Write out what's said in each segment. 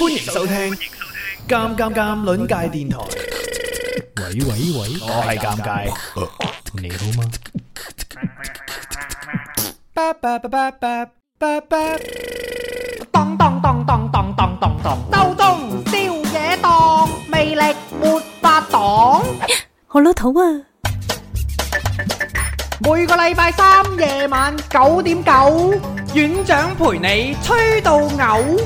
歡迎收聽《尷尷尷》鄰界電台。喂喂喂，我係尷尬，你好嗎？當當當當當當當，當當當夜當，魅力沒法擋。好老土啊！每個禮拜三夜晚九點九，院長陪你吹到嘔。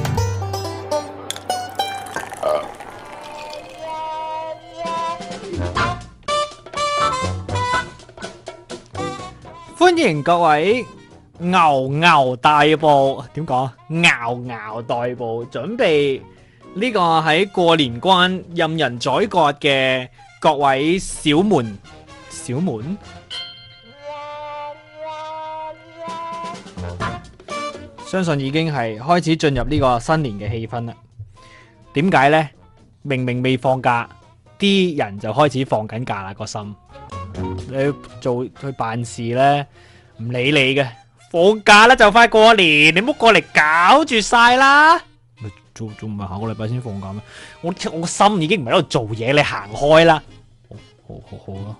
歡迎各位牛牛大步，點講？牛牛大步，準備呢個喺過年關任人宰割嘅各位小門小門，相信已經係開始進入呢個新年嘅氣氛啦。點解呢？明明未放假，啲人就開始放緊假啦。個心，你做去辦事呢？唔理你嘅放假啦，就快過年，你唔好過嚟搞住晒啦。做做唔係下個禮拜先放假咩？我我心已經唔係喺度做嘢，你行開啦。好，好，好咯。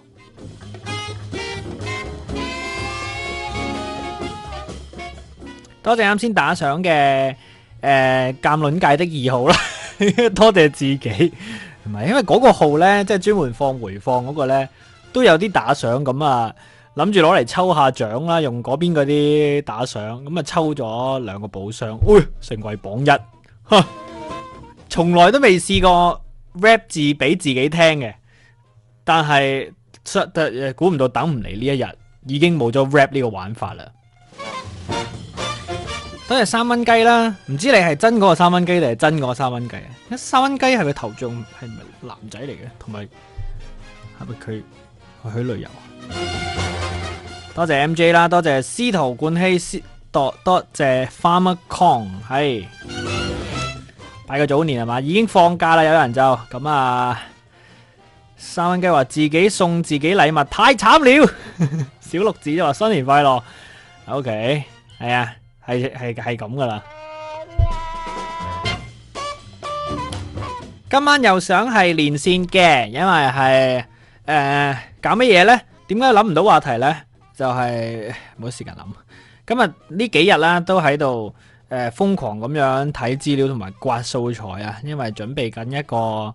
多謝啱先打賞嘅誒，鑒、呃、論界的二號啦。 多謝自己，唔係因為嗰個號咧，即係專門放回放嗰個咧，都有啲打賞咁啊。諗住攞嚟抽下獎啦，用嗰邊嗰啲打賞，咁啊抽咗兩個寶箱，喂、哎，成為榜一，哈，從來都未試過 rap 字俾自己聽嘅，但係估唔到等唔嚟呢一日，已經冇咗 rap 呢個玩法啦。都係三蚊雞啦，唔知你係真嗰個三蚊雞定係真嗰個三蚊雞啊？三蚊雞係個頭像係唔係男仔嚟嘅，同埋係咪佢去旅遊？多謝 M J 啦，多謝司徒冠希，多多謝 Farmer Kong，係拜個早年係嘛，已經放假啦。有人就咁啊，三蚊雞話自己送自己禮物太慘了， 小六子就話新年快樂。O K，係啊，係係係咁噶啦。今晚又想係連線嘅，因為係誒、呃、搞乜嘢呢？點解諗唔到話題呢？就係冇時間諗，今日呢幾日啦都喺度誒瘋狂咁樣睇資料同埋刮素材啊，因為準備緊一個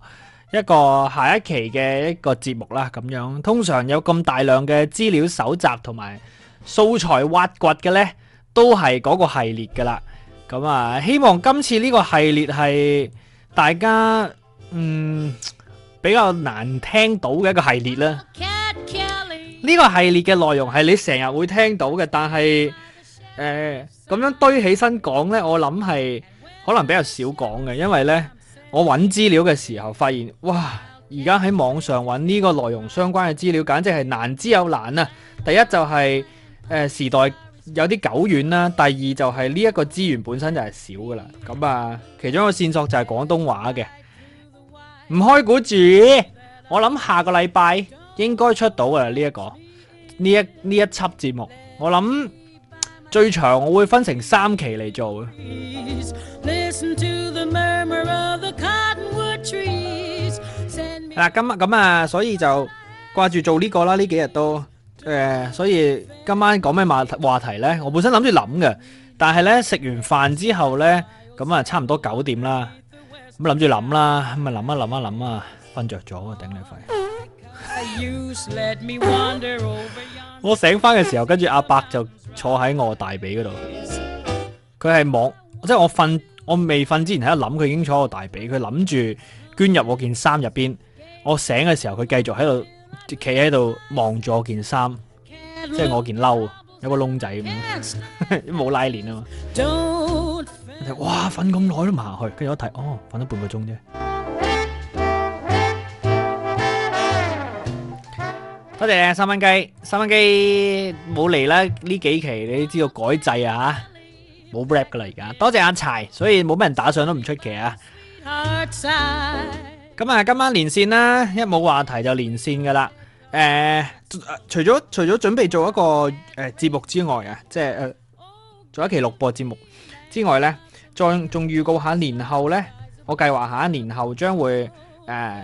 一個下一期嘅一個節目啦，咁樣通常有咁大量嘅資料搜集同埋素材挖掘嘅呢，都係嗰個系列噶啦，咁啊希望今次呢個系列係大家嗯比較難聽到嘅一個系列啦。呢、個系列嘅內容係你成日會聽到嘅，但係誒咁樣堆起身講呢，我諗係可能比較少講嘅，因為呢，我揾資料嘅時候發現，哇！而家喺網上揾呢個內容相關嘅資料，簡直係難之又難啊！第一就係誒時代有啲久遠啦，第二就係呢一個資源本身就係少噶啦。咁啊，其中一個線索就係廣東話嘅，唔開估住，我諗下個禮拜。應該出到嘅呢一個呢一、呢一輯節目，我諗最長我會分成三期嚟做嘅。嗱，今日咁啊，所以就掛住做呢個啦。呢幾日都誒、呃，所以今晚講咩話話題咧？我本身諗住諗嘅，但係咧食完飯之後咧，咁啊差唔多九點啦，咁諗住諗啦，咁咪諗一諗一諗啊，瞓着咗啊，頂你肺！ 我醒翻嘅時候，跟住阿伯就坐喺我大髀嗰度。佢係望，即係我瞓，我未瞓之前喺度諗，佢已經坐喺我大髀。佢諗住捐入我件衫入邊。我醒嘅時候，佢繼續喺度企喺度望住我，我件衫，即係我件褸，有個窿仔噉，冇、嗯、 拉鏈啊嘛。哇，瞓咁耐都唔行去，跟住我一睇，哦，瞓咗半個鐘啫。多謝三蚊雞，三蚊雞冇嚟啦。呢幾期你都知道改制啊，冇 rap 噶啦，而家。多謝阿柴，所以冇咩人打賞都唔出奇啊。咁啊，今晚連線啦，一冇話題就連線噶啦。誒、啊，除咗除咗準備做一個誒節、呃、目之外啊，即係誒，做一期錄播節目之外咧，再仲預告一下年後咧，我計劃下年後將會誒。啊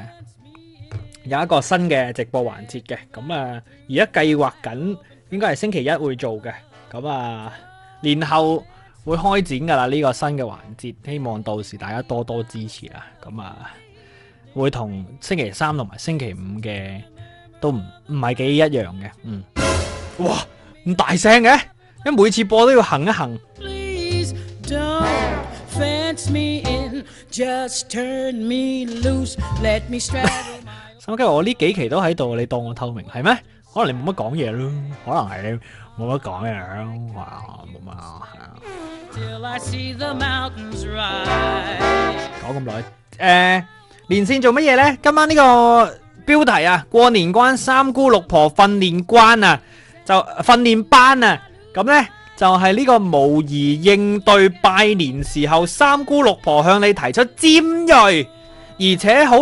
有一個新嘅直播環節嘅，咁啊而家計劃緊，應該係星期一會做嘅，咁啊年後會開展噶啦呢個新嘅環節，希望到時大家多多支持啦，咁啊會同星期三同埋星期五嘅都唔唔係幾一樣嘅，嗯，哇咁大聲嘅，因每次播都要行一行。咁跟我呢幾期都喺度，你當我透明係咩？可能你冇乜講嘢咯，可能係你冇乜講嘢咯，哇，冇乜啊，係啊。講咁耐，誒、呃，連線做乜嘢咧？今晚呢個標題啊，過年關三姑六婆訓練關啊，就訓練班啊，咁咧就係、是、呢個模擬應對拜年時候三姑六婆向你提出尖銳而且好。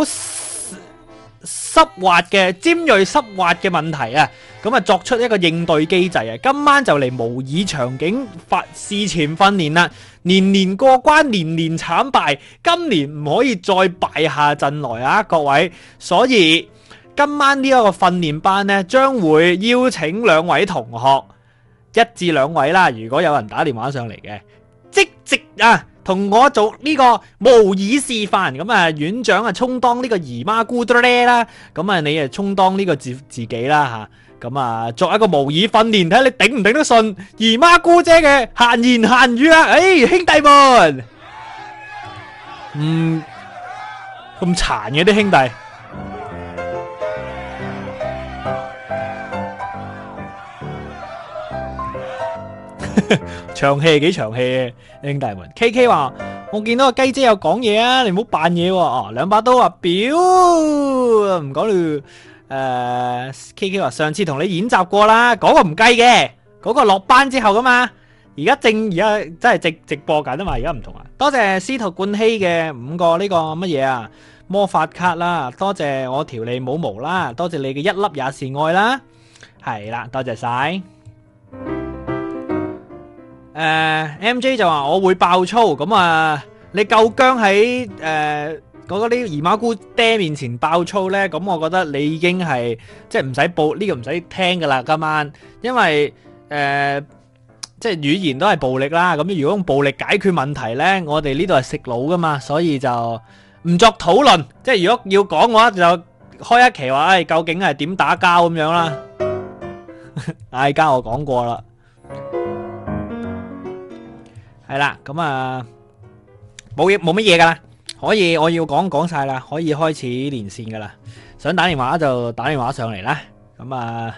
濕滑嘅尖銳濕滑嘅問題啊，咁啊作出一個應對機制啊，今晚就嚟模擬場景發事前訓練啦，年年過關，年年慘敗，今年唔可以再敗下陣來啊，各位。所以今晚呢一個訓練班呢，將會邀請兩位同學，一至兩位啦，如果有人打電話上嚟嘅，即即啊。同我做呢個模擬示範。咁啊，院長啊充當呢個姨媽姑姐啦，咁啊你啊充當呢個自自己啦吓，咁啊作一個模擬訓練，睇下你頂唔頂得順姨媽姑姐嘅閒言閒語啊，誒、哎，兄弟們，嗯，咁殘嘅啲兄弟。 長氣係幾長氣兄弟們。K K 話我見到個雞姐有講嘢啊，你唔好扮嘢喎。哦，兩把刀啊，表唔講了。誒，K K 話上次同你演習過啦，嗰、那個唔計嘅，嗰、那個落班之後噶嘛。而家正而家真係直直播噶吖嘛。而家唔同啊。多謝司徒冠希嘅五個呢個乜嘢啊魔法卡啦。多謝我條你冇毛啦，多謝你嘅一粒也是愛啦。係啦，多謝晒。誒，MJ 就話我會爆粗，咁啊，你夠薑喺誒嗰嗰啲姨媽姑爹面前爆粗咧，咁我覺得你已經係即係唔使報呢個唔使聽噶啦，今晚，因為誒即係語言都係暴力啦，咁如果用暴力解決問題咧，我哋呢度係食腦噶嘛，所以就唔作討論，即係如果要講嘅話，就開一期話，誒，究竟係點打交咁樣啦？嗌交我講過啦。係啦，咁啊，冇冇乜嘢噶啦，可以我要講講晒啦，可以開始連線噶啦，想打電話就打電話上嚟啦，咁啊。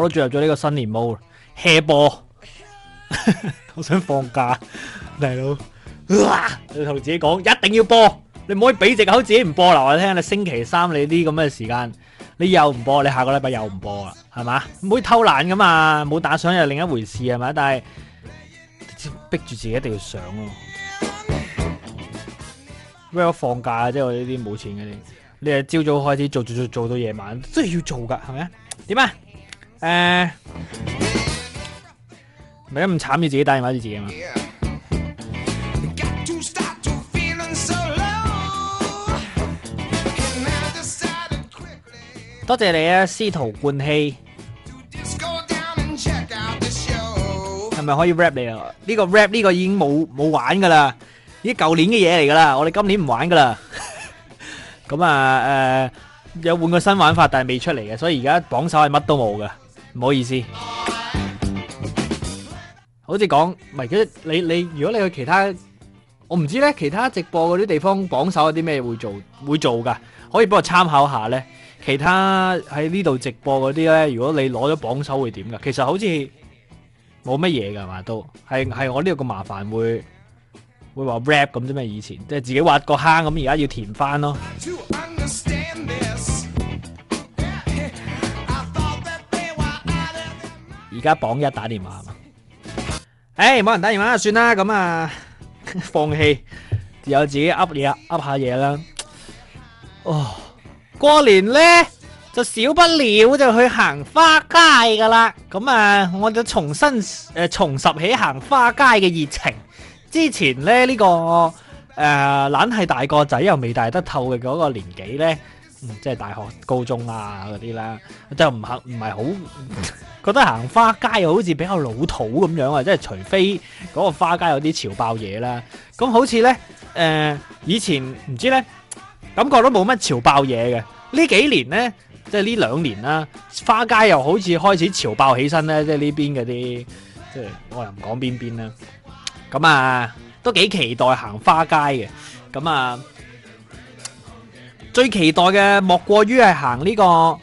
我都進入咗呢個新年 mode，hea 播， 我想放假，大佬、啊，你同自己講一定要播，你唔可以俾借口自己唔播留嚟聽。你星期三你啲咁嘅時間，你又唔播，你下個禮拜又唔播啦，係嘛？唔可以偷懶噶嘛，冇打賞又另一回事係咪？但係逼住自己一定要上咯、啊。咩放假即啫，我呢啲冇錢嘅，你你係朝早開始做做做做到夜晚，真係要做噶，係咪啊？點啊？誒，咪咁唔慘，要自己打電話要自己嘛？多謝你啊，司徒冠希，係咪可以 rap 你啊？呢個 rap 呢個已經冇冇玩噶啦，依舊年嘅嘢嚟噶啦，我哋今年唔玩噶啦。咁啊誒，有換個新玩法，但係未出嚟嘅，所以而家榜首係乜都冇噶。唔好意思，好似講唔係，即係你你，你如果你去其他，我唔知咧，其他直播嗰啲地方榜首有啲咩會做會做噶，可以幫我參考一下咧。其他喺呢度直播嗰啲咧，如果你攞咗榜首會點噶？其實好似冇乜嘢噶係嘛，都係係我呢度個麻煩會會話 rap 咁啫咩？以前即係自己挖個坑，咁而家要填翻咯。 而家榜一打電話嘛，誒、欸、冇人打電話，就算啦咁啊，放棄，有自己噏嘢噏下嘢啦。哦，過年咧就少不了就去行花街噶啦。咁啊，我就重新誒、呃、重拾起行花街嘅熱情。之前咧呢、呢個誒、呃，懶係大個仔又未大得透嘅嗰個年紀咧。嗯、即係大學、高中啊嗰啲啦，就唔唔係好覺得行花街又好似比較老土咁樣啊！即係除非嗰個花街有啲潮爆嘢啦，咁好似呢，誒、呃、以前唔知呢感覺都冇乜潮爆嘢嘅。呢幾年呢，即係呢兩年啦、啊，花街又好似開始潮爆起身呢，即係呢邊嗰啲，即係我又唔講邊邊啦。咁啊，都幾期待行花街嘅，咁啊。最期待嘅莫過於係行呢個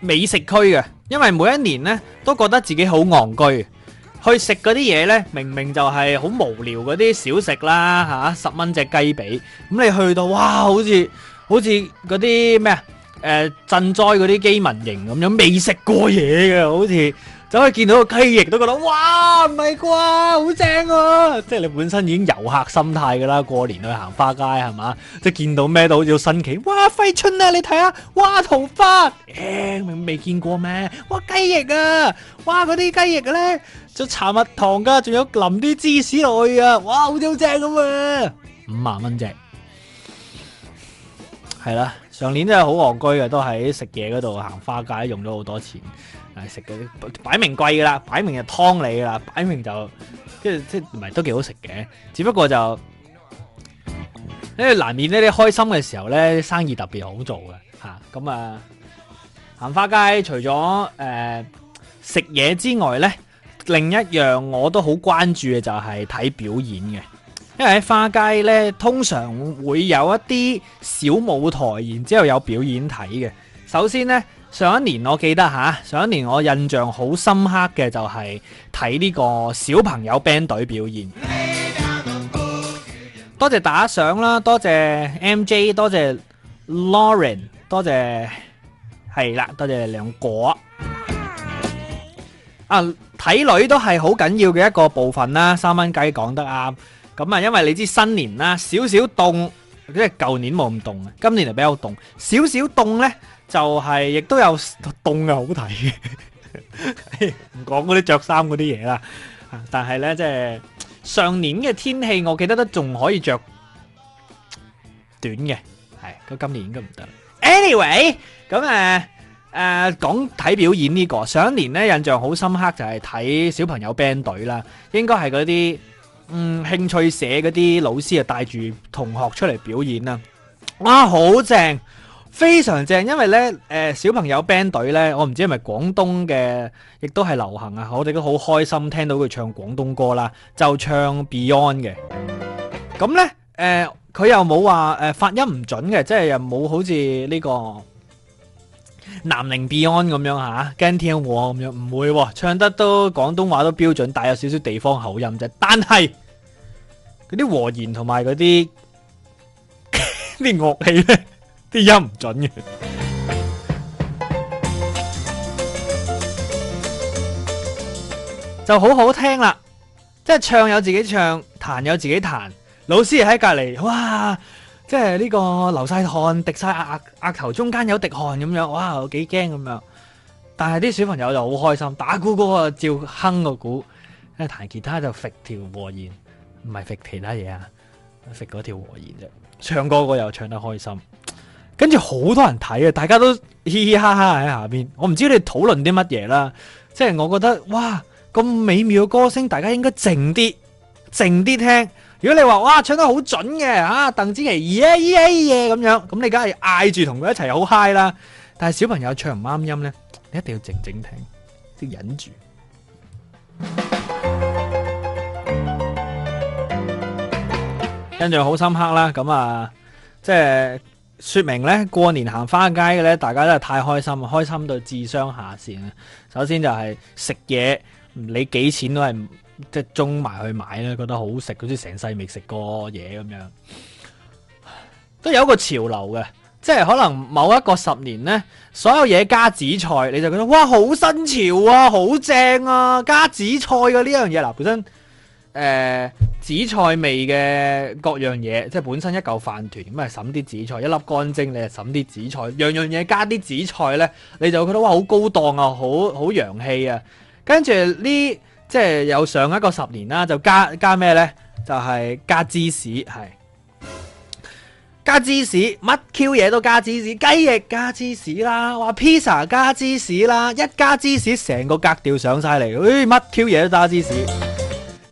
美食區嘅，因為每一年呢，都覺得自己好戇居，去食嗰啲嘢呢，明明就係好無聊嗰啲小食啦，吓、啊，十蚊隻雞髀，咁你去到，哇，好似好似嗰啲咩啊，賑、呃、災嗰啲饑民營咁樣，未食過嘢嘅，好似。你可以見到個雞翼都覺得，哇，唔係啩，好正啊！即係你本身已經遊客心態㗎啦，過年去行花街係嘛？即係見到咩都好似新奇，哇！揮春啊，你睇下，哇！桃花，誒、欸、未見過咩？哇！雞翼啊，哇！嗰啲雞翼咧，仲搽蜜糖㗎，仲有淋啲芝士落去啊！哇！好正咁啊！五萬蚊隻，係啦，上年真係好戇居嘅，都喺食嘢嗰度行花街用咗好多錢。係食嘅，擺明貴噶啦，擺明係劏你噶啦，擺明就，即係即係唔係都幾好食嘅，只不過就，因為難免呢啲開心嘅時候咧，生意特別好做嘅，吓，咁啊，行，嗯啊，花街除咗誒食嘢之外咧，另一樣我都好關注嘅就係睇表演嘅，因為喺花街咧，通常會有一啲小舞台，然之後有表演睇嘅，首先咧。上一年我記得嚇，上一年我印象好深刻嘅就係睇呢個小朋友 band 隊表現。多謝打賞啦，多謝 MJ，多謝 Lauren，多謝係啦，多謝你兩個。啊，睇女都係好緊要嘅一個部分啦。三蚊雞講得啱，咁啊，因為你知新年啦，少少凍，即係舊年冇咁凍啊，今年就比較凍，少少凍呢。就係，亦都有凍又好睇嘅，唔講嗰啲著衫嗰啲嘢啦。但係呢，即係上年嘅天氣，我記得都仲可以著短嘅，係。不過今年應該唔得。Anyway，咁誒誒講睇表演呢個，上一年呢印象好深刻就係睇小朋友 band 隊啦，應該係嗰啲嗯興趣社嗰啲老師啊帶住同學出嚟表演啦，哇，好正！非常正，因為咧、呃，小朋友 band 隊咧，我唔知係咪廣東嘅，亦都係流行啊！我哋都好開心聽到佢唱廣東歌啦，就唱 Beyond 嘅。咁咧，誒、呃、佢又冇話誒發音唔準嘅，即係又冇好似呢、呢個南寧 Beyond 咁樣嚇，驚聽咁樣，唔會喎、哦，唱得都廣東話都標準，帶有少少地方口音啫。但係嗰啲和弦同埋嗰啲啲樂器咧。啲音唔準嘅， 就好好聽啦！即係唱有自己唱，彈有自己彈，老師喺隔籬，哇！即係呢個流晒汗，滴晒額，額頭，中間有滴汗咁樣，哇！我幾驚咁樣。但係啲小朋友就好開心，打鼓嗰個照哼個鼓，跟住彈吉他就揈條和弦，唔係揈其他嘢啊，揈嗰條和弦啫。唱歌嗰又唱得開心。跟住好多人睇啊！大家都嘻嘻哈哈喺下邊，我唔知你哋討論啲乜嘢啦。即係我覺得，哇，咁美妙嘅歌聲，大家應該靜啲，靜啲聽。如果你話，哇，唱得好準嘅，吓鄧紫棋，耶耶耶咁樣，咁你梗係嗌住同佢一齊好 high 啦。但係小朋友唱唔啱音呢，你一定要靜靜聽，即忍住。印象好深刻啦，咁啊，即係。說明呢，過年行花街嘅呢，大家都係太開心，開心到智商下線啊！首先就係食嘢，你幾錢都係即係中埋去買啦，覺得好食，好似成世未食過嘢咁樣，都有一個潮流嘅，即係可能某一個十年呢，所有嘢加紫菜，你就覺得哇好新潮啊，好正啊，加紫菜嘅呢樣嘢嗱、呃，本身。誒、呃、紫菜味嘅各樣嘢，即係本身一嚿飯團咁，係審啲紫菜，一粒乾蒸你係審啲紫菜，樣樣嘢加啲紫菜呢，你就覺得哇好高檔啊，好好洋氣啊！跟住呢，即係有上一個十年啦，就加加咩呢？就係、係、加芝士，係加芝士，乜 Q 嘢都加芝士，雞翼加芝士啦，話披薩加芝士啦，一加芝士成個格調上晒嚟，誒乜 Q 嘢都加芝士。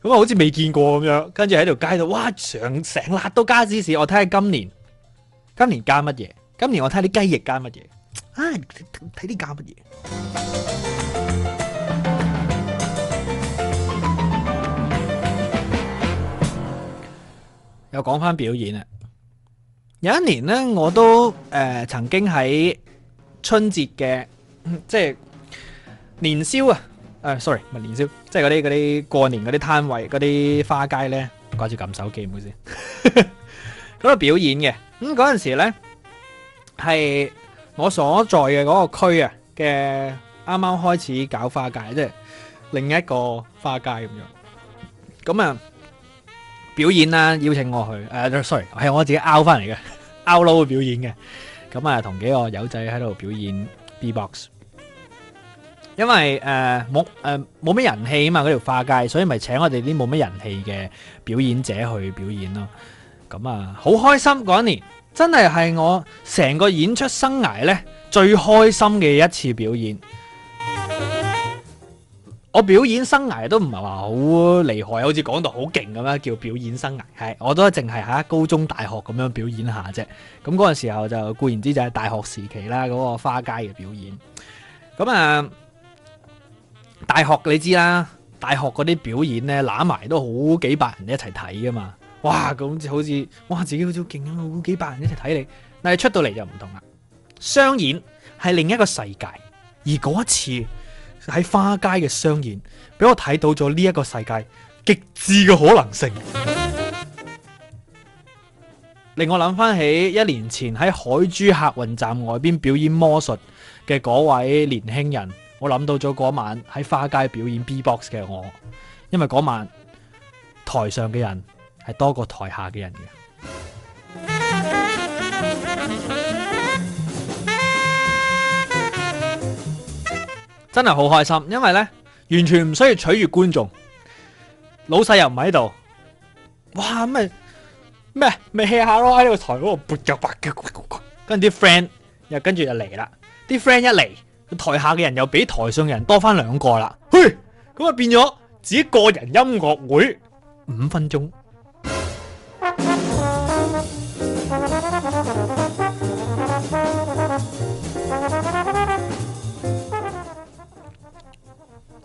咁好似未見過咁樣，跟住喺條街度，哇！成成辣都加芝士，我睇下今年，今年加乜嘢？今年我睇下啲雞翼加乜嘢？啊，睇啲加乜嘢？ 又講翻表演啊！有一年呢，我都、呃、曾經喺春節嘅即係年宵啊！誒，sorry，係年宵，即係嗰啲嗰啲過年嗰啲攤位嗰啲花街咧，掛住撳手機唔好意思。嗰度表演嘅，咁嗰陣時咧係我所在嘅嗰個區啊嘅啱啱開始搞花街，即係另一個花街咁樣。咁啊，表演啦，邀請我去，誒，sorry，係我自己 out 翻嚟嘅，out 撈嘅表演嘅。咁啊，同幾個友仔喺度表演 B-box。因為誒冇誒冇咩人氣啊嘛，嗰條花街，所以咪請我哋啲冇咩人氣嘅表演者去表演咯。咁啊，好開心嗰一年，真係係我成個演出生涯呢最開心嘅一次表演。我表演生涯都唔係話好厲害，好似講到好勁咁樣叫表演生涯，係我都淨係喺高中、大學咁樣表演下啫。咁嗰陣時候就固然之就係大學時期啦，嗰個花街嘅表演，咁啊。大學你知啦，大學嗰啲表演呢，攬埋都好幾百人一齊睇噶嘛，哇，咁好似，哇，自己好似好勁咁，好幾百人一齊睇你，但係出到嚟就唔同啦。商演係另一個世界，而嗰一次喺花街嘅商演，俾我睇到咗呢一個世界極致嘅可能性，令我諗翻起一年前喺海珠客運站外邊表演魔術嘅嗰位年輕人。我諗到咗嗰晚喺花街表演 B-box 嘅我，因為嗰晚台上嘅人係多過台下嘅人嘅，真係好開心，因為呢，完全唔需要取悅觀眾，老細又唔喺度，哇，咩咩咪 hea 下咯，喺個台嗰度撥腳，拔腳，跟住啲 friend 又跟住又嚟啦，啲 friend 一嚟。台下嘅人又比台上嘅人多翻兩個啦，嘿，咁啊變咗自己個人音樂會五分鐘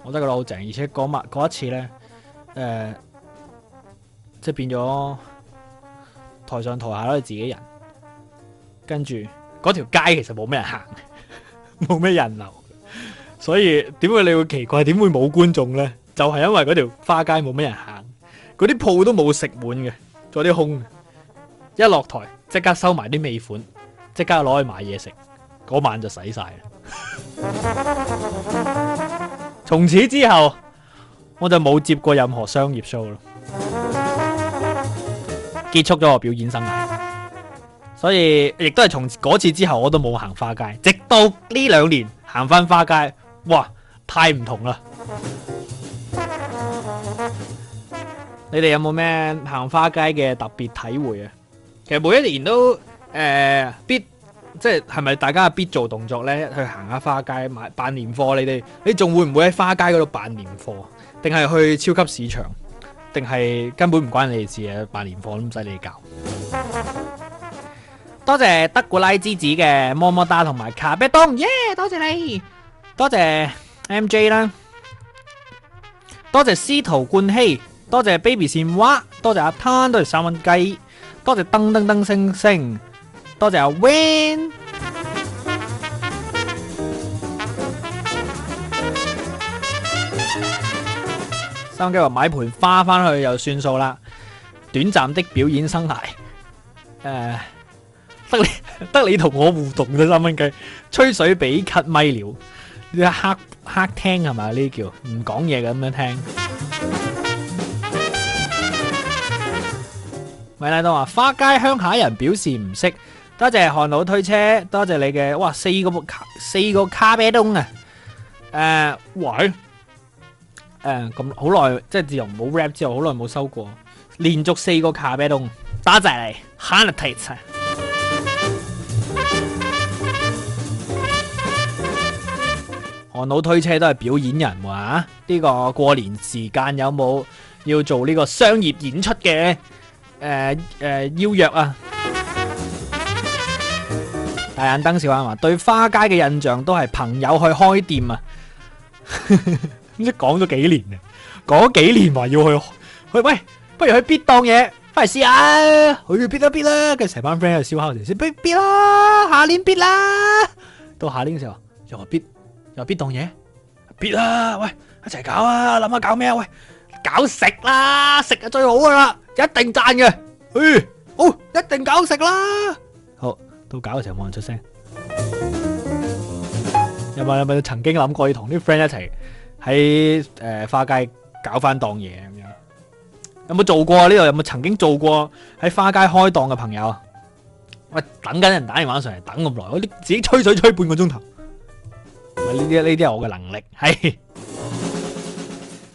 我都覺得好正，而且嗰晚嗰一次咧，誒，即係變咗台上台下都係自己人，跟住嗰條街其實冇咩人行。冇咩人流，所以點解你會奇怪點會冇觀眾呢？就係因為嗰條花街冇咩人行，嗰啲鋪都冇食滿嘅，仲有啲空。一落台即刻收埋啲尾款，即刻攞去買嘢食，嗰晚就洗晒啦。從 此之後，我就冇接過任何商業 show 咯，結束咗我表演生涯。所以亦都係從嗰次之後，我都冇行花街，直到呢兩年行翻花街，哇，太唔同啦 你哋有冇咩行花街嘅特別體會啊？其實每一年都、呃、必即係，係咪大家必做動作呢，去行下花街買辦年貨，你哋你仲會唔會喺花街嗰度辦年貨？定係去超級市場？定係根本唔關你事嘅辦年貨都唔使你教？ 多謝德古拉之子嘅麼么噠，同埋卡貝東，耶！多謝你，多謝 MJ 啦，多謝司徒冠希，多謝 Baby 線蛙，多謝阿攤，多謝三蚊雞，多謝噔噔噔星星，多謝阿 Win，三蚊雞話買盆花翻去就算數啦。短暫的表演生涯，誒。得你得你同我互動啫，三蚊雞吹水比咳咪了，黑黑聽係嘛？呢叫唔講嘢咁樣聽。 米大刀話，花街鄉下人表示唔識。多謝韓佬推車，多謝你嘅哇，四個卡四個卡啤東啊！誒、呃、喂，咁好耐即係自從冇 rap 之後，好耐冇收過，連續四個卡啤東打雜你 h a r d i t 憨佬推車都係表演人喎呢、啊，呢個過年時間有冇要做呢個商業演出嘅誒誒邀約啊？ 大眼瞪小眼話對花街嘅印象都係朋友去開店啊，唔知講咗幾年啊，講幾年話要去去喂，不如去必當嘢，返嚟試下、啊、去必啦、啊、必啦、啊，跟住成班 friend 去燒烤時先必、啊、必啦、啊，下、啊、年必啦、啊，到下年嘅時候又何必？又必檔嘢？必啦！喂，一齊搞啊！諗下搞咩啊？喂，搞食啦！食就最好噶啦，一定賺嘅。誒，好，一定搞食啦！好，到搞嘅時候冇人出聲。有冇，有冇曾經諗過要同啲 friend 一齊喺誒花街搞翻檔嘢咁樣？有冇做過啊？呢度有冇曾經做過喺花街開檔嘅朋友？喂，等緊人打電話上嚟等咁耐，我啲自己吹水吹半個鐘頭。呢啲呢啲係我嘅能力。係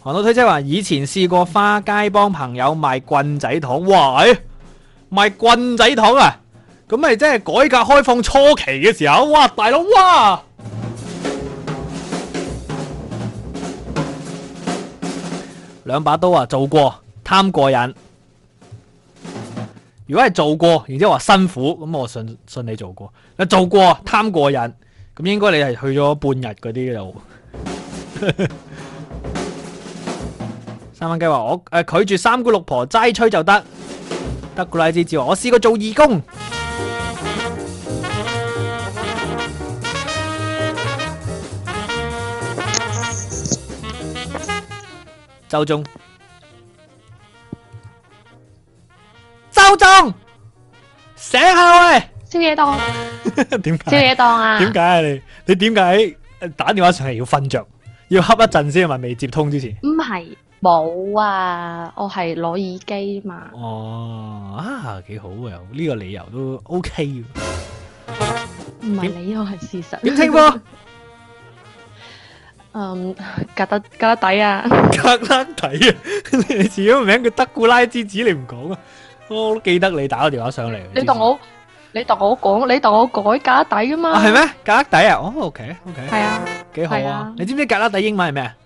韓路推車話以前試過花街幫朋友賣棍仔糖。哇！欸、賣棍仔糖啊？咁咪即係改革開放初期嘅時候。哇！大佬哇！兩把刀啊，做過貪過癮。如果係做過，然之後話辛苦，咁我信信你做過。你做過貪過癮。咁應該你係去咗半日嗰啲喎。三蚊雞話我誒、呃，拒絕三姑六婆齋吹就得。德古拉之子話我試過做義工。周中，周中，醒下喂！宵夜檔點？宵夜檔啊？點解啊？你你點解打電話上嚟，要瞓着，要恰一陣先，咪未接通之前？唔係，冇啊！我係攞耳機嘛。哦，啊，幾好啊！呢個理由都 OK。唔係理由，係事實。清哥，嗯，隔得隔得底啊！隔得底啊！你自己個名叫德古拉之子，你唔講啊？我好記得你打個電話上嚟。你凍好？你同我講，你同我改格拉底噶嘛？係咩？格拉底啊？哦，OK，OK，係啊，幾好啊！你知唔知格拉底英文係咩啊？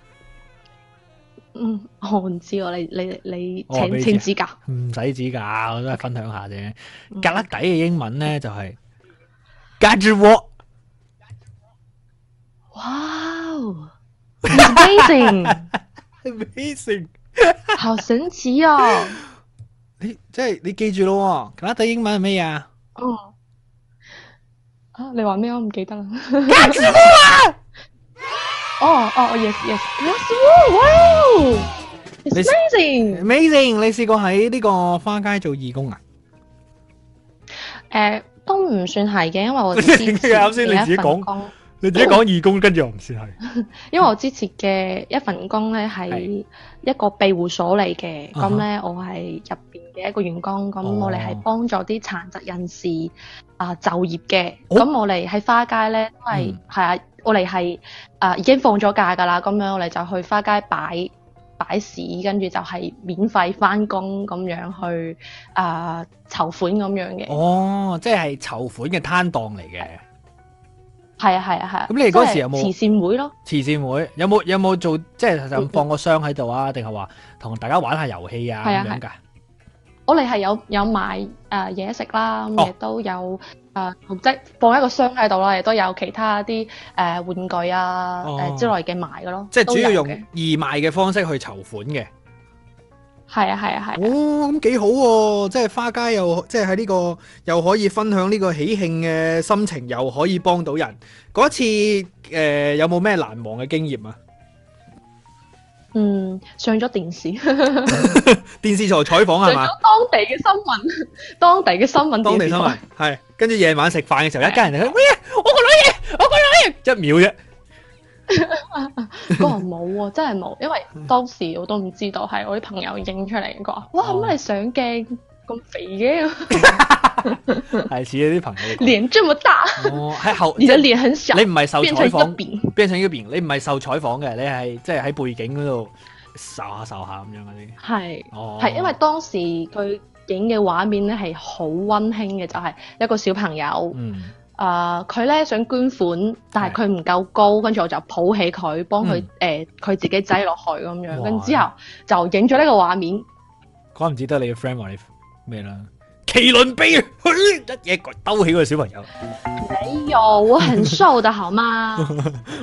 嗯，我唔知喎。你你你，請請指教。唔使指教，我都係分享下啫。格拉底嘅英文咧就係 Gadzop。哇！Amazing！Amazing！好神似啊！你即係你記住咯，格拉底英文係咩啊？哦，啊，你話咩啊？我唔記得啦。Yes，wow！哦哦哦，yes yes yes wow！It's amazing！Amazing！你試過喺呢個花街做義工啊？誒，都唔算係嘅，因為我啱先你自己講。你自己講義工，跟住我唔算係，因為我之前嘅一份工咧，係一個庇護所嚟嘅，咁咧我係入邊嘅一個員工，咁、啊、我哋係幫助啲殘疾人士、哦、啊就業嘅，咁、哦、我哋喺花街咧因為係、嗯、啊，我哋係啊已經放咗假㗎啦，咁樣我哋就去花街擺擺市，跟住就係免費翻工咁樣去啊籌款咁樣嘅。哦，即係籌款嘅攤檔嚟嘅。係啊係啊係啊！咁、啊、你哋嗰時有冇慈善會咯？慈善會有冇有冇做即係放個箱喺度啊？定係話同大家玩下遊戲啊咁、啊啊、樣㗎？我哋係有有買嘢、呃、食啦，咁、哦、亦都有、呃、即係放一個箱喺度啦，亦都有其他啲誒、呃、玩具啊、哦、之類嘅賣㗎咯，即係主要用義賣嘅方式去籌款嘅。係啊係啊係、啊！哦，咁幾好、啊，即係花街又即係喺呢個又可以分享呢個喜慶嘅心情，又可以幫到人。嗰次誒、呃、有冇咩難忘嘅經驗啊？嗯，上咗電視， 電視台採訪，上咗當地嘅新聞， 當地嘅新聞，當地新聞係。跟住夜晚食飯嘅時候、啊，一家人嚟咩？我個女，嘢，我個女一秒啫。個冇喎，真係冇，因為當時我都唔知道係我啲朋友影出嚟嘅，佢話哇，乜、哦、你上鏡咁肥嘅？係似啲朋友。臉這麼大，哦，喺後。即你的臉很小，你唔係受採訪。變成一個你唔係受採訪嘅，你係即係喺背景嗰度受下受下咁樣嗰啲。係。是哦。係因為當時佢影嘅畫面咧係好溫馨嘅，就係、是、一個小朋友。嗯。啊、uh，佢咧想捐款，但係佢唔夠高，跟住我就抱起佢，幫佢誒佢自己擠落去咁樣，跟住之後就影咗呢個畫面。怪唔之得你嘅 friend 話你咩啦？麒麟臂， 一嘢攏兜起個小朋友。沒、哎、有，我很瘦得好嗎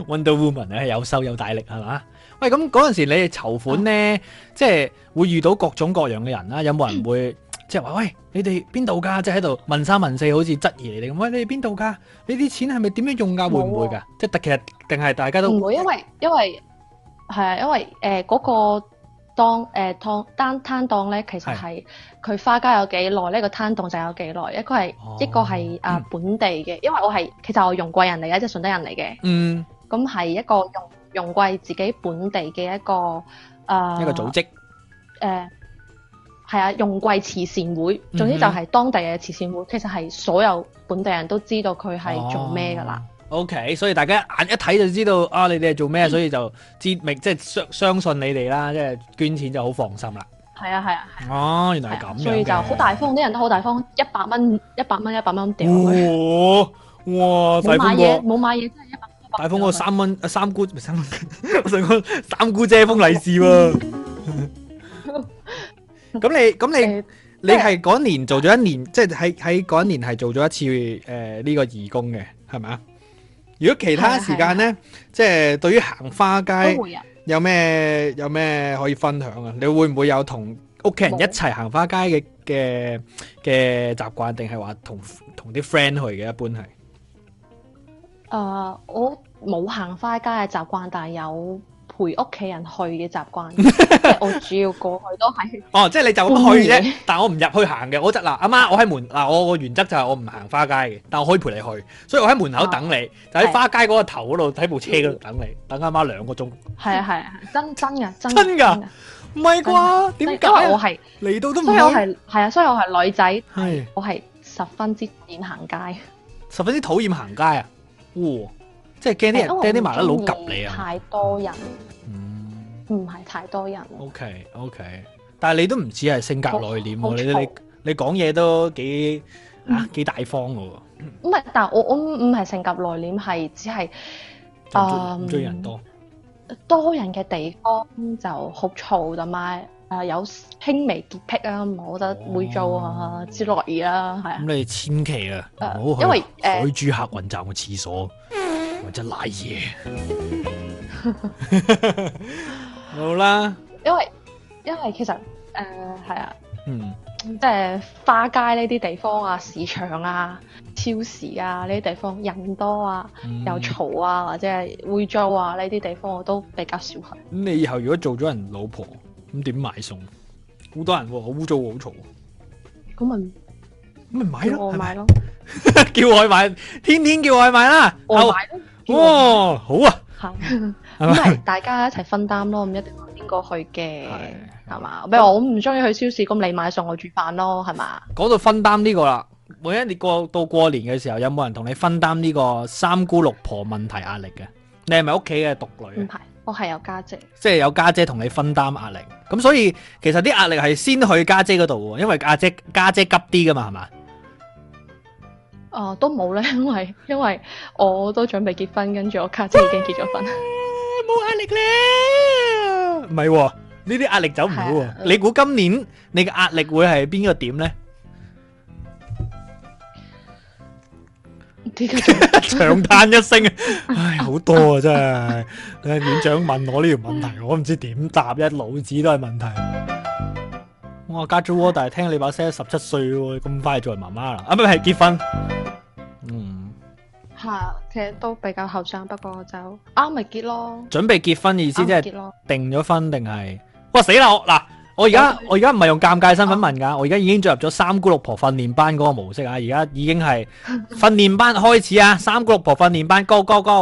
？Wonder Woman 啊，有收有大力係嘛？喂，咁嗰陣時你哋籌款咧、啊，即係會遇到各種各樣嘅人啦，有冇人會？嗯即係話喂，你哋邊度噶？即係喺度問三問四，好似質疑你哋。咁。喂，你哋邊度噶？你啲錢係咪點樣用噶，啊啊？會唔會噶？即係特別，定係大家都唔會，因為因為係啊，因為誒嗰，呃那個檔誒檔單攤檔咧，其實係佢花家有幾耐呢？個攤檔就有幾耐。一個係，哦，一個係啊，本地嘅，嗯，因為我係其實我容桂人嚟嘅，即係順德人嚟嘅。嗯，咁係一個容容桂自己本地嘅一個誒、呃，一個組織誒。呃係啊，用貴慈善會，總之就係當地嘅慈善會。嗯嗯，其實係所有本地人都知道佢係做咩噶啦。OK，所以大家眼一睇就知道啊，你哋係做咩，啊，所以就知明即係相相信你哋啦，即係捐錢就好放心啦。係啊係啊。哦，啊啊，原來係咁，啊、所以就好大方，啲人都好大方，一百蚊，一百蚊，一百蚊掉，哦。哇！大風。冇買嘢，冇買嘢，真係一百蚊。大風個三蚊，三姑三，成個三姑姐封利是喎。咁 你咁你、嗯、你係嗰年做咗一年，即係喺喺嗰一年係做咗一次誒呢、呃呢個義工嘅，係咪啊？如果其他時間呢，即係、就是，對於行花街有咩有咩可以分享啊？你會唔會有同屋企人一齊行花街嘅嘅嘅習慣，定係話同同啲 friend 去嘅一般係？誒、啊，我冇行花街嘅習慣，但係有。陪屋企人去嘅習慣， 我主要過去都係 哦，即係你就咁去啫。 但係我唔入去行嘅，我得嗱，阿媽，媽我喺門嗱、啊，我個原則就係我唔行花街嘅，但我可以陪你去，所以我喺門口等你，啊、就喺花街嗰個頭嗰度睇部車嗰度等你，等阿媽，媽兩個鐘。係啊係啊，真真啊，真㗎 真㗎，唔係啩？點 解我係嚟到都？唔 以我係係啊，所以我係女仔， 我係十分之厭行街，十分之討厭行街啊！哦即係驚啲人，驚啲麻甩佬及你啊！太多人，唔唔係太多人。OK，OK，但係你都唔止係性格內斂你你你講嘢都幾、嗯、啊幾大方嘅喎。唔係，但係我我唔係性格內斂，係只係啊追人多，多人嘅地方就好嘈，同埋啊有輕微潔癖啊，我覺得會做啊，之類嘢啦，係、哦、啊。咁你哋千祈啊，唔好去海珠客運站嘅廁所。因為呃 或者賴嘢，好 啦，因為因為其實誒係、呃、啊，嗯，即係花街呢啲地方啊、市場啊、超市啊呢啲地方，人多啊，又、嗯、嘈啊，或者係污糟啊呢啲地方、啊，我都比較少去。咁你以後如果做咗人老婆，咁點買餸？好多人、哦，好污糟，好嘈。咁咪咁咪買咯，係咪？ 叫外賣，天天叫外賣啦，外賣。Oh. 哇、哦，好啊，咁係大家一齊分擔咯，唔一定話邊個去嘅，係嘛？譬如我唔中意去超市，咁你買餸我煮飯咯，係嘛？講到分擔呢個啦，每一年過到過年嘅時候，有冇人同你分擔呢個三姑六婆問題壓力嘅？你係咪屋企嘅獨女？唔係，我係有家姐，姐，即係有家姐同你分擔壓力。咁所以其實啲壓力係先去家姐嗰度喎，因為阿姐家姐，姐，姐急啲噶嘛，係嘛？哦，都冇咧，因為因為我都準備結婚，跟住我卡姐已經結咗婚了，哎。冇壓力呢？唔 係，呢啲壓力走唔到。你估今年你嘅壓力會係邊個點咧？ 長嘆一聲， 唉，好多啊，真、啊、係。係、啊、院長問我呢條問題， 我唔知點答，一腦子都係問題。哦、加我家豬窩，但係聽你把聲十七歲喎，咁快就做媽媽啦？啊，唔係結婚，嗯，吓，其實都比較後生，不過我、啊、我就啱咪結咯。準備結婚意思即係定咗婚定係？哇死啦！嗱，我而家我而家唔係用尷尬身份問噶，我而家、啊、已經進入咗三姑六婆訓練班嗰個模式啊！而家已經係訓練班開始啊！ 三姑六婆訓練班，高高高！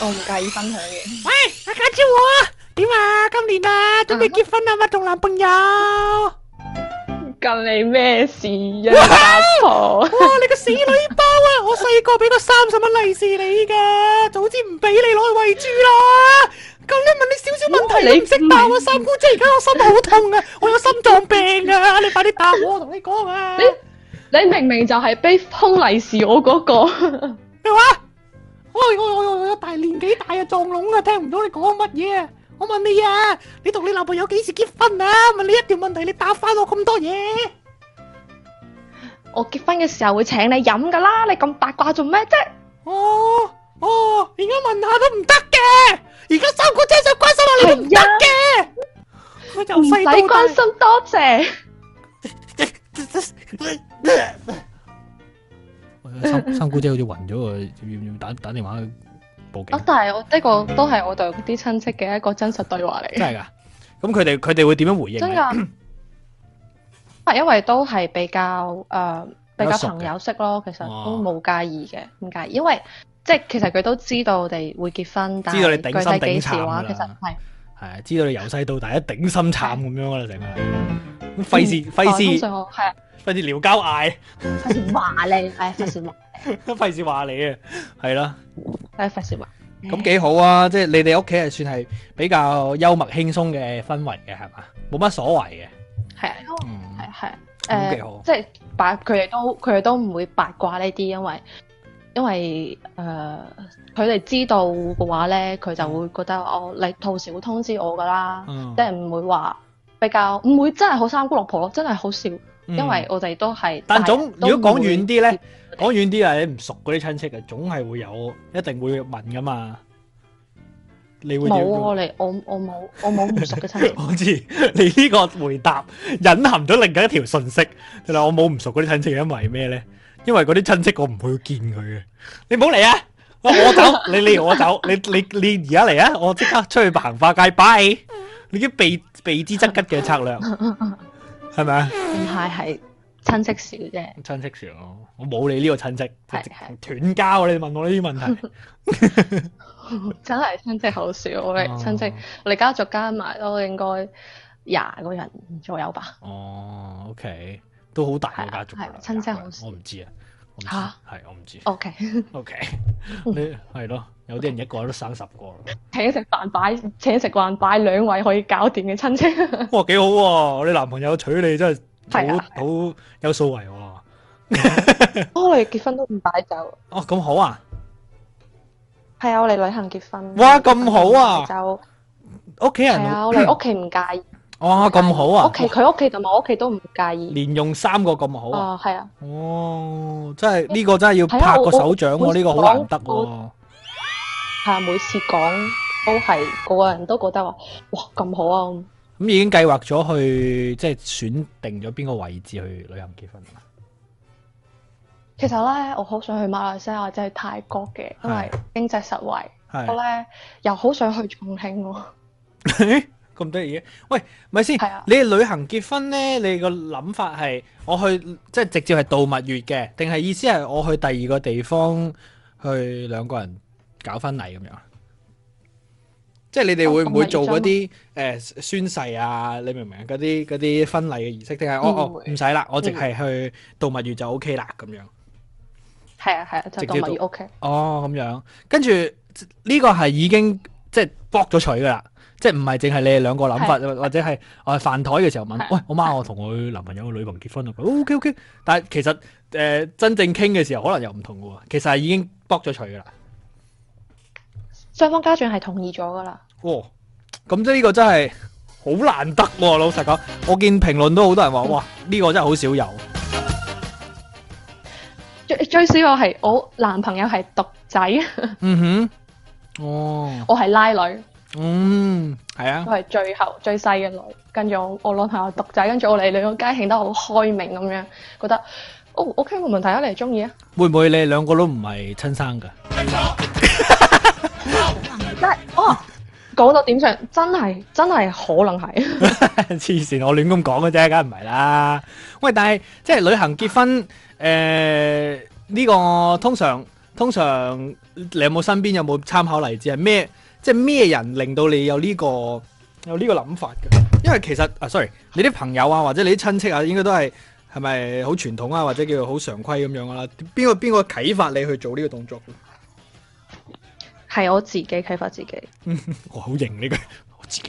我唔介意分享嘅。喂，家豬窩。點啊！今年啊，準備結婚啊嘛，同男朋友。關你咩事呀，傻！哇，你個死女包啊！我細個俾個三十蚊利是你噶，早知唔俾你攞去喂豬啦！咁你問你少少問題你唔識答，我三姑姐而家我心好痛啊！我有心臟病啊！你快啲答我，我同你講啊！你你明明就係俾封利是我嗰個咩話？我我我我大年紀大啊，撞聾啊，聽唔到你講乜嘢啊！我問你啊，你同你男朋友幾時結婚啊？問你一條問題，你答返我咁多嘢？我結婚嘅時候會請你飲㗎啦，你咁八卦做咩啫？哦哦，而家問下都唔得嘅，而家三姑姐想關心下你都唔得嘅，唔使關心，多謝。三三姑姐好似暈咗啊！打打電話。啊、哦！但係我呢個都係我對啲親戚嘅一個真實對話嚟嘅。真係噶？咁佢哋佢哋會點樣回應？真噶。 因為因為都係比較誒、呃、比較朋友式咯，其實都冇介意嘅。唔介意，因為即係其實佢都知道我哋會結婚， 但知道你底第幾時候啊？其實係。係啊，知道你由細到大一頂心慘咁樣啦，成日，費事費事，係，費事撩交嗌，費事話你，係，費事話，費事話你啊，係 啦，係費事話，咁幾好啊，即係你哋屋企係算係比較幽默輕鬆嘅氛圍嘅係嘛？冇乜所謂嘅，係啊，係啊係啊，幾好。呃，即係八，佢哋都佢哋都唔會八卦呢啲，因為。因為誒，呃、佢哋知道嘅話咧，佢就會覺得、嗯、哦，你到時會通知我噶啦，嗯、即係唔會話比較唔會真係好三姑六婆，真係好少、嗯。因為我哋都係，但總如果講遠啲咧，講遠啲啊，你唔熟嗰啲親戚啊，總係會有一定會問噶嘛。你會冇啊？你我我冇，我冇唔熟嘅親戚。 我知你呢個回答隱含咗另一條信息， 就係我冇唔熟嗰啲親戚，因為咩咧？因為嗰啲親戚我唔去見佢嘅，你唔好嚟啊！我走，你你我走，你，你你你而家嚟啊！我即刻出去行花街，Bye！你啲避避之則吉嘅策略係咪啊？唔係係親戚少啫，親戚，是是、啊、 親戚少，我冇你呢個親戚，係係斷交。你問我呢啲問題，真係親戚好少。我哋親戚，我哋家族加埋都應該廿個人左右吧哦。哦，OK。都好大嘅家族，親、啊啊、戚好，我唔知，我唔知啊，吓係、啊、我唔知。O K O K，係咯，有啲人一個人都生十個、okay. 請食飯擺，請食飯擺，請食飯擺兩位可以搞掂嘅親戚。 哇，幾好、啊！我哋男朋友娶你真係好好有數圍、啊。 我哋結婚都唔擺酒。哦，咁好啊！係啊，我哋旅行結婚。哇，咁好啊！就屋企人啊，我哋屋企唔介意。 哇，咁好啊！屋企，佢屋企同埋我屋企都唔介意。連用三個咁好啊！係啊。哦，真係呢個真係要拍個手掌喎！呢個好難得喎。係啊，每次講都係個個人都覺得話，哇咁好啊！咁已經計劃咗去，即係選定咗邊個位置去旅行結婚啊？其實咧，我好想去馬來西亞或者去泰國嘅，因為經濟實惠。係。咧又好想去重慶喎。咁得意嘅，喂，咪先、啊，你旅行結婚呢？你個諗法係，我去即係直接係度蜜月嘅，定係意思係我去第二個地方去兩個人搞婚禮咁樣？即係你哋會唔會做嗰啲誒宣誓啊？你明唔明嗰啲啲婚禮嘅儀式定係、嗯、哦哦唔使啦，我淨係去度蜜月就 OK 啦咁樣。係啊係啊、OK，直接度 OK。哦，咁樣跟住呢、這個係已經即係博咗彩㗎啦。即係唔係淨係你哋兩個諗法是，或者係我哋飯檯嘅時候問：喂，我媽，我同我男朋友嘅女朋友結婚啦。OK，OK。Okay, okay, 但係其實誒、呃、真正傾嘅時候，可能又唔同嘅。其實係已經卜咗佢噶啦。雙方家長係同意咗噶啦。哦，咁即係呢個真係好難得、啊。老實講，我見評論都好多人話、嗯：，哇，呢、這個真係好少有。最最少我係我男朋友係獨仔。 嗯哼。哦。我係拉女。嗯，係啊，都係最後最細嘅女，跟住我我老同學獨仔，跟住我哋兩個家慶得好開明咁樣，覺得哦，OK，冇問題啊，你係中意啊？會唔會你哋兩個都唔係親生噶？真係 哦，講到點上，真係真係可能係，黐 線，我亂咁講嘅啫，梗係唔係啦。喂，但係即係旅行結婚，誒、呃、呢、這個通常通常你有冇身邊有冇參考例子係咩？即係咩人令到你有呢、這個有呢個諗法嘅？因為其實啊，sorry，你啲朋友啊，或者你啲親戚啊，應該都係係咪好傳統啊，或者叫做好常規咁樣噶啦、啊？邊個邊個啟發你去做呢個動作嘅？係我自己啟發自己。 我好型呢個，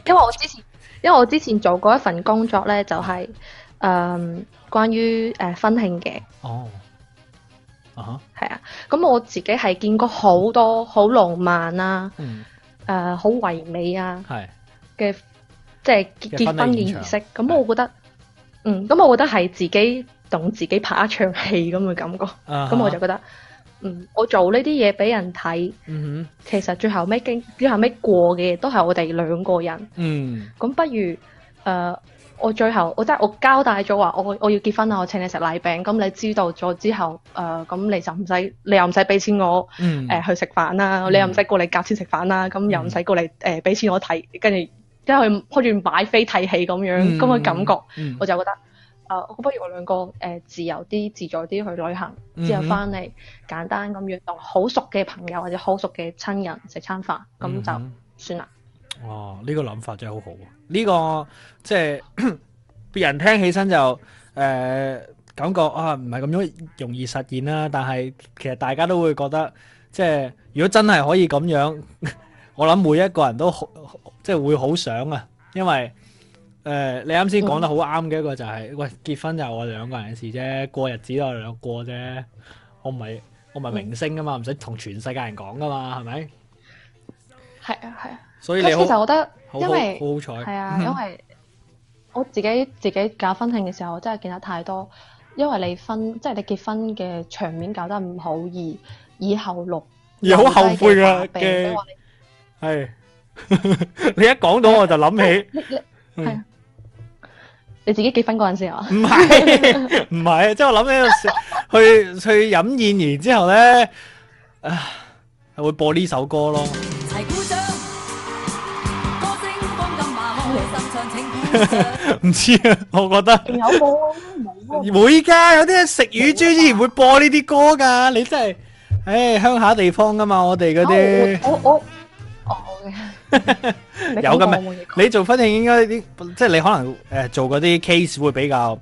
因為我之前因為我之前做過一份工作呢就係、是、誒、嗯、關於誒婚慶嘅。哦，啊哈，係啊，咁我自己係見過好多好浪漫啦、啊。嗯。誒、呃、好唯美啊！嘅即係結結婚嘅儀式，咁我覺得，嗯，咁我覺得係自己同自己拍一場戲咁嘅感覺，咁、uh-huh. 我就覺得，嗯，我做呢啲嘢俾人睇，uh-huh. 其實最後尾經，最後尾過嘅都係我哋兩個人，嗯，咁不如誒。呃我最後我真係我交代咗話，我我要結婚啦，我請你食禮餅。咁你知道咗之後，誒、呃、咁你就唔使你又唔使俾錢我，誒、嗯呃、去食飯啦、嗯，你又唔使過嚟夾錢食飯啦，咁、嗯、又唔使過嚟誒俾錢我睇，跟住即係開住買飛睇戲咁樣，咁、嗯、嘅感覺、嗯嗯、我就覺得，誒、呃、我不如我兩個誒、呃、自由啲、自在啲去旅行，之後翻嚟、嗯嗯、簡單咁約到好熟嘅朋友或者好熟嘅親人食餐飯，咁、嗯、就算啦。哦，呢、這個諗法真係好好、啊、喎！呢、這個即係別人聽起身就誒、呃、感覺啊，唔係咁樣容易實現啦。但係其實大家都會覺得，即係如果真係可以咁樣，我諗每一個人都好，即係會好想啊。因為誒、呃，你啱先講得好啱嘅一個就係、是嗯，喂，結婚就係我哋兩個人嘅事啫，過日子就係我哋兩個過啫。我唔係我唔係明星啊嘛，唔使同全世界人講噶嘛，係咪？係啊，係啊，所以你其實我覺得，因為係啊，因為我自己自己搞婚慶嘅時候，我真係見得太多，因為你婚即係你結婚嘅場面搞得唔好，而以後錄而好後悔，噶嘅，係你一講到我就諗起，你係啊，你自己結婚嗰陣時係嘛？唔係唔係，即係我諗起去去飲宴完之後咧，啊，會播呢首歌咯。唔 知啊，我覺得。仲有冇？啊，唔會噶，有啲食魚豬之前會播呢啲歌噶。你真係，誒、哎，鄉下地方噶嘛，我哋嗰啲。我我我有噶咩？你做婚禮應該啲，即係你可能誒做嗰啲 case 會比較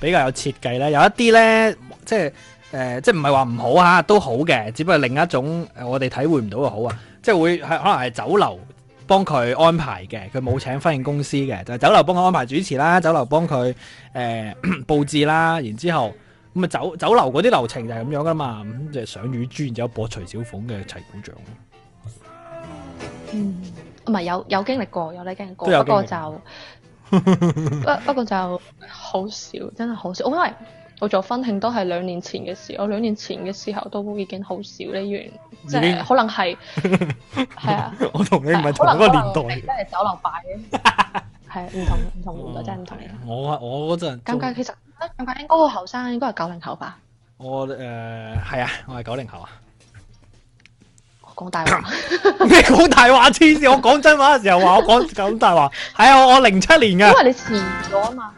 比較有設計咧。有一啲咧，即係誒、呃，即係唔係話唔好吓，都好嘅。只不過另一種誒，我哋體會唔到嘅好啊，即係會係可能係酒樓。幫佢安排嘅，佢冇請婚慶公司嘅，就係、是、酒樓幫佢安排主持啦，酒樓幫佢誒布置啦，然之後咁啊酒酒樓嗰啲流程就係咁樣噶嘛，咁就是、上魚珠，然之後播徐小鳳嘅齊鼓掌。嗯，唔係有有經歷過，有經歷過，歷不過就 不不過就好少，真係好少，因為。我做婚慶都係兩年前嘅事。我兩年前嘅時候都已經好少呢樣，即係可能係係 啊。我同你唔係同一個年代。係可能可能你真係酒樓擺嘅，係 唔、啊、同唔同年代 真係唔同。我啊，我嗰陣咁緊，其實咁緊應該好後生，應該係九零後吧。我誒係啊，我係九零後啊。講大話咩？講大話黐線！我講真話嘅時候話我講講大話，係、哎、啊，我零七年嘅、啊。因為你遲咗嘛？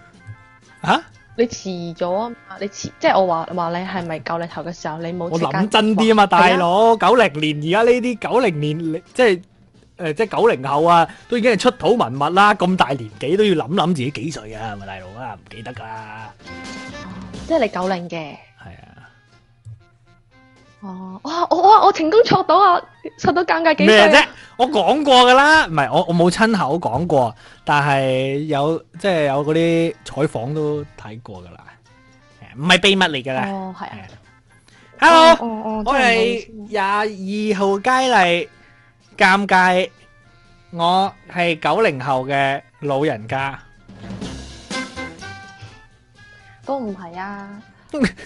吓、啊？你遲咗啊！你遲即係我話話你係咪九零後嘅時候你冇？我諗真啲啊嘛，說大佬哥！九零年而家呢啲九零年即係誒，即係九零後啊，都已經係出土文物啦！咁大年紀都要諗諗自己幾歲啊，係咪大佬啊？唔記得㗎，即係你九零嘅。哦，哇，我哇，我成功錯到啊，錯到尷尬幾歲？咩啫？我講過噶啦，唔係我我冇親口講過，但係有即係有嗰啲採訪都睇過噶啦，唔係秘密嚟噶啦。哦，係啊。嗯、Hello，、哦哦哦、我係廿二號佳麗，尷尬，我係九零後嘅老人家，都唔係啊，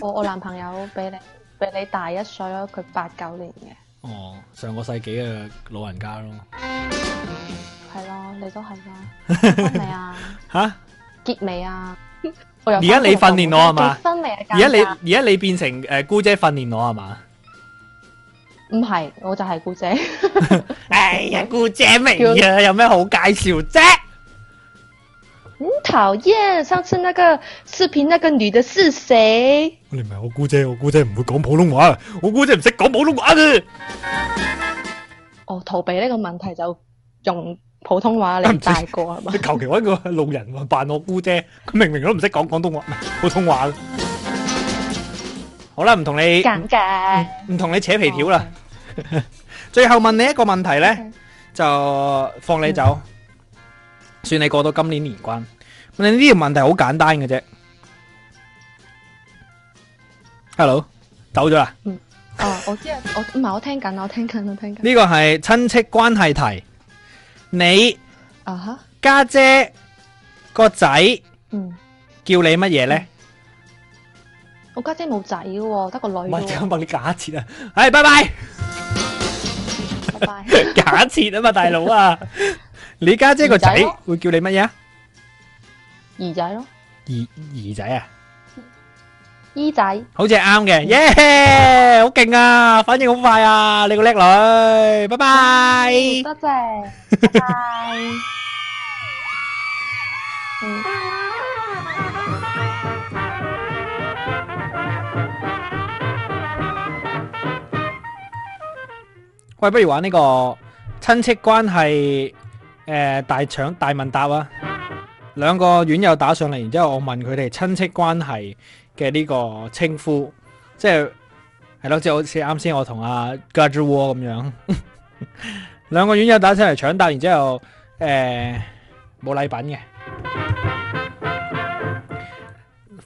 我我男朋友俾你。 比你大一歲咯，佢八九年嘅。哦，上個世紀嘅老人家咯。係、嗯、咯，你都係啦。係咪啊？吓、 啊？結婚未啊？而家你訓練我啊嘛？而家你而家你變成誒姑、呃、姐訓練我啊嘛？唔係，我就係姑姐。 哎呀，姑姐未啊？有咩好介紹啫？我很討厭上次那個視頻，那個女的是誰？你唔係我姑姐，我姑姐唔會講普通話，我姑姐唔識講普通話嘅。哦，逃避呢個問題就用普通話嚟帶過係嘛，啊？你求其搵個路人扮我姑姐，佢 明明都唔識講廣東話，唔係普通話。 好啦，唔同你尷尬唔同你扯皮條啦。Okay. 最後問你一個問題咧，okay. 就放你走。嗯算你過到今年年關，你呢條問題好簡單嘅啫。Hello，走咗啦。哦，我知啊，我唔係我聽緊，我聽緊，我聽緊。呢個係親戚關係題。你啊哈家姐個仔，嗯，叫你乜嘢咧？我家姐冇仔嘅喎，得個女。我問你假設啊，唉，拜拜，拜拜。假設啊嘛，大佬啊。你家姐個仔會叫你乜嘢？姨仔咯。姨姨仔啊。姨仔。好似係啱嘅，耶！好勁啊，反應好快啊，你個叻女，拜拜。多謝。拜拜。喂，不如玩呢個親戚關係。呃、大搶大問答啊！兩個院友打上嚟，然之後我問佢哋親戚關係嘅呢個稱呼，即係係咯，即係好似啱先我同阿家 a r 咁樣。兩個院友打上嚟搶答，然之後誒冇禮品嘅，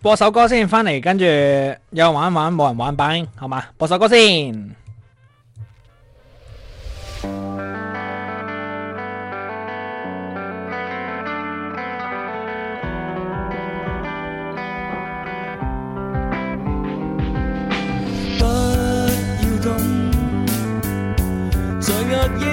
播首歌先翻嚟，跟住有人玩玩，冇人玩板，好嘛？播首歌先。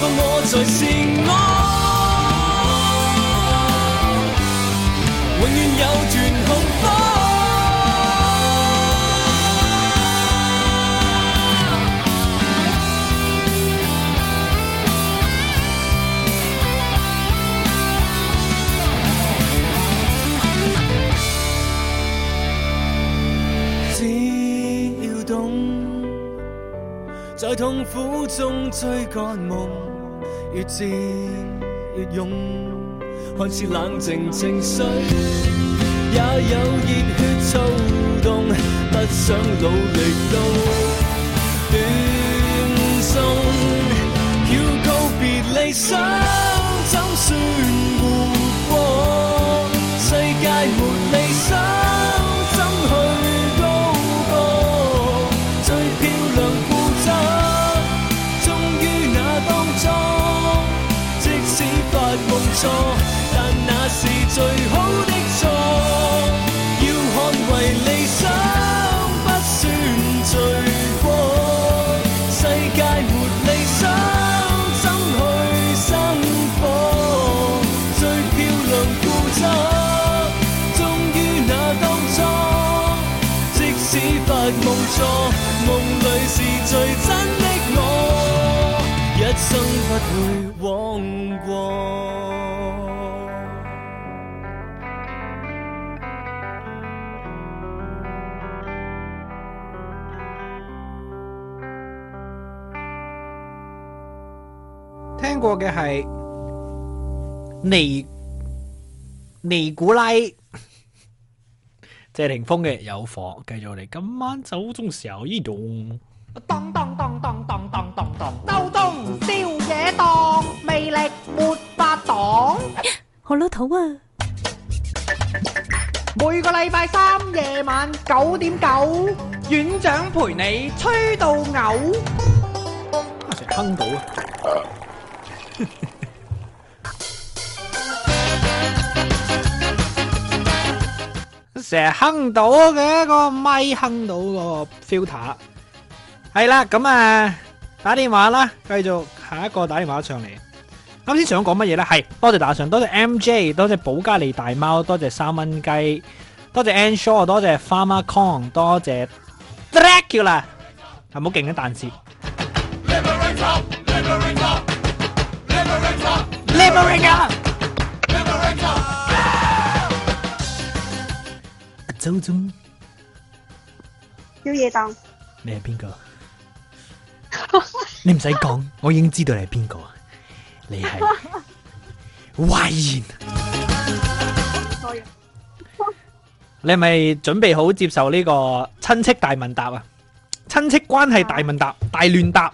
當我才是我，永遠有團紅火。只要懂，在痛苦中追趕夢。越戰越勇，看似冷靜情緒，也有熱血躁動。不想努力都斷送，要告別理想，怎算？夢裏是最真，我一生不會枉過。聽過嘅係尼尼古拉。謝霆鋒嘅有房，繼續我哋今晚九鐘時候呢度。咚咚咚咚咚咚咚咚，九鐘宵夜檔，魅力沒法擋。好老土啊！每個禮拜三夜晚九點九，院長陪你吹到嘔。阿 Sir 吞到啊！成日哼到嘅一個咪哼到個 filter，係啦，咁啊打電話啦，繼續下一個打電話上嚟。啱先想講乜嘢咧？係多謝打賞，多謝 MJ，多謝寶加利大貓，多謝三蚊雞，多謝 Ansho，多謝 Farmer Kong，多謝 Dracula，係冇勁嘅彈舌。周中宵夜檔， 你係邊個？你唔使講，我已經知道你係邊個。你係威然， 你係咪準備好接受呢個親戚大問答啊？親戚關係大問答， 大亂答。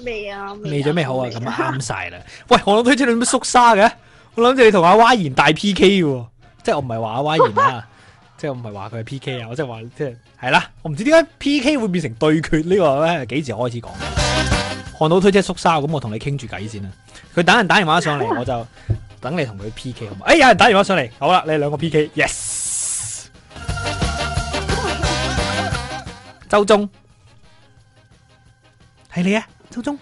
未啊？未準備好啊？咁啊，啱晒啦！啊啊、 喂，我諗推出你乜縮沙嘅？我諗住你同阿威然大 P K 嘅，即係我唔係話阿威然啊。 即係我唔係話佢係 PK 啊，我即係話，即係係啦，我唔知點解 PK 會變成對決呢個咧？幾時開始講？ 看到推車縮沙，咁我同你傾住偈先啦。佢等人打電話上嚟，我就等你同佢 PK。好嘛。哎，有人打電話上嚟，好啦，你兩個 PK，yes!。Yes， 周中，係你啊，周中，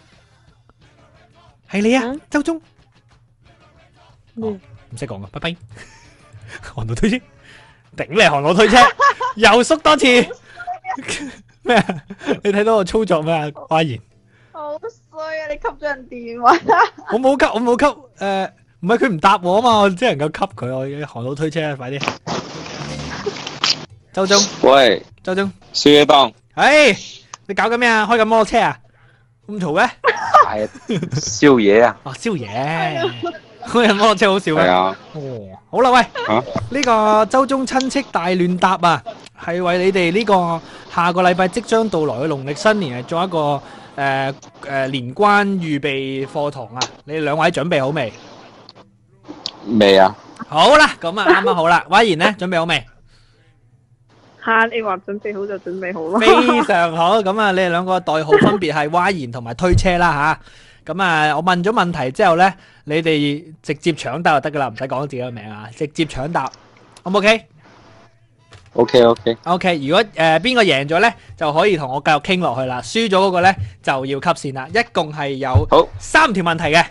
係你啊，嗯，周中，唔識講啊，拜拜。 看到推車。頂你韓佬推車，又縮多次。咩？ 你睇到我操作咩啊？發言。好衰啊！你吸咗人電話、啊。我冇吸，我冇吸。誒、呃，唔係佢唔答我啊嘛，我只能夠吸佢。我韓佬推車啊，快啲。 周中！喂，周中！宵夜檔。哎，你搞緊咩啊？開緊摩托車啊？咁嘈嘅。係、 哎，宵夜啊。啊、 哦，宵少夜。 嗰人摩托車好笑咩？啊，好啦，喂，呢、啊這個周中親戚大亂搭啊，係為你哋呢個下個禮拜即將到來嘅農曆新年，係做一個誒誒年關預備課堂啊。你哋兩位準備好未？未啊。好啦，咁啊啱啱好啦。 y 言呢準備好未？吓、啊，你話準備好就準備好啦。非常好，咁啊，你哋兩個代號分別係 Y 言同埋推車啦吓。啊咁啊！我問咗問題之後咧，你哋直接搶答就得噶啦，唔使講自己嘅名啊！直接搶答，O 唔 OK？OK OK OK, okay。如果誒邊個贏咗咧，就可以同我繼續傾落去啦。輸咗嗰個咧就要吸線啦。一共係有好三條問題嘅。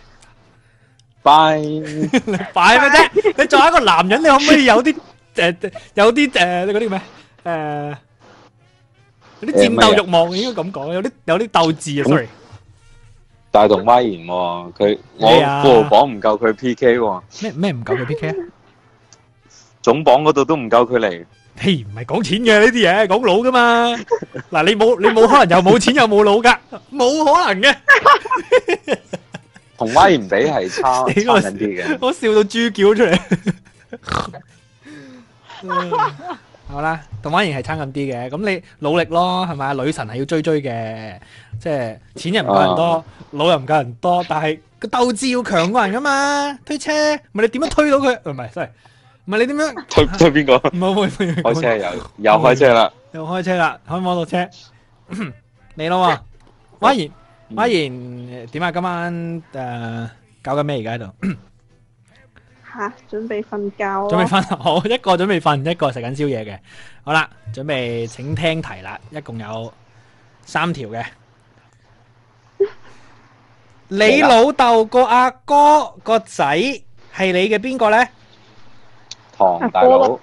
拜拜咩啫？Bye. Bye. Bye. 你作為一個男人，你可唔可以有啲誒有啲誒嗰啲咩誒？有啲、呃呃、戰鬥欲望、呃啊、應該咁講，有啲有啲鬥志啊！Sorry。嗯大同威賢喎，佢我富豪榜唔夠佢 PK 喎，咩咩唔夠佢 PK 啊？總榜嗰度都唔夠佢嚟，嘿，唔係講錢嘅呢啲嘢，講腦噶嘛？嗱，你冇你冇可能又冇錢又冇腦噶，冇可能嘅。同威賢比係差差遠啲嘅，我笑到豬叫出嚟。好啦，同婉儀係差咁啲嘅，咁你努力咯，係咪啊？女神係要追追嘅，即係錢又唔夠人多，腦又唔夠人多，但係個鬥志要強過人噶嘛。推車，唔係你點樣推到佢？唔係，唔係你點樣推推邊個？唔好唔好唔好，開車又又開車啦，又開車啦，開摩托車。你咯喎，婉儀婉儀點啊？今晚誒搞緊咩而家喺度？準備瞓覺。準備瞓，好一個準備瞓，一個食緊宵夜嘅。好啦，準備請聽題啦，一共有三條嘅。你老豆個阿哥個仔係你嘅邊個呢？唐大佬、啊。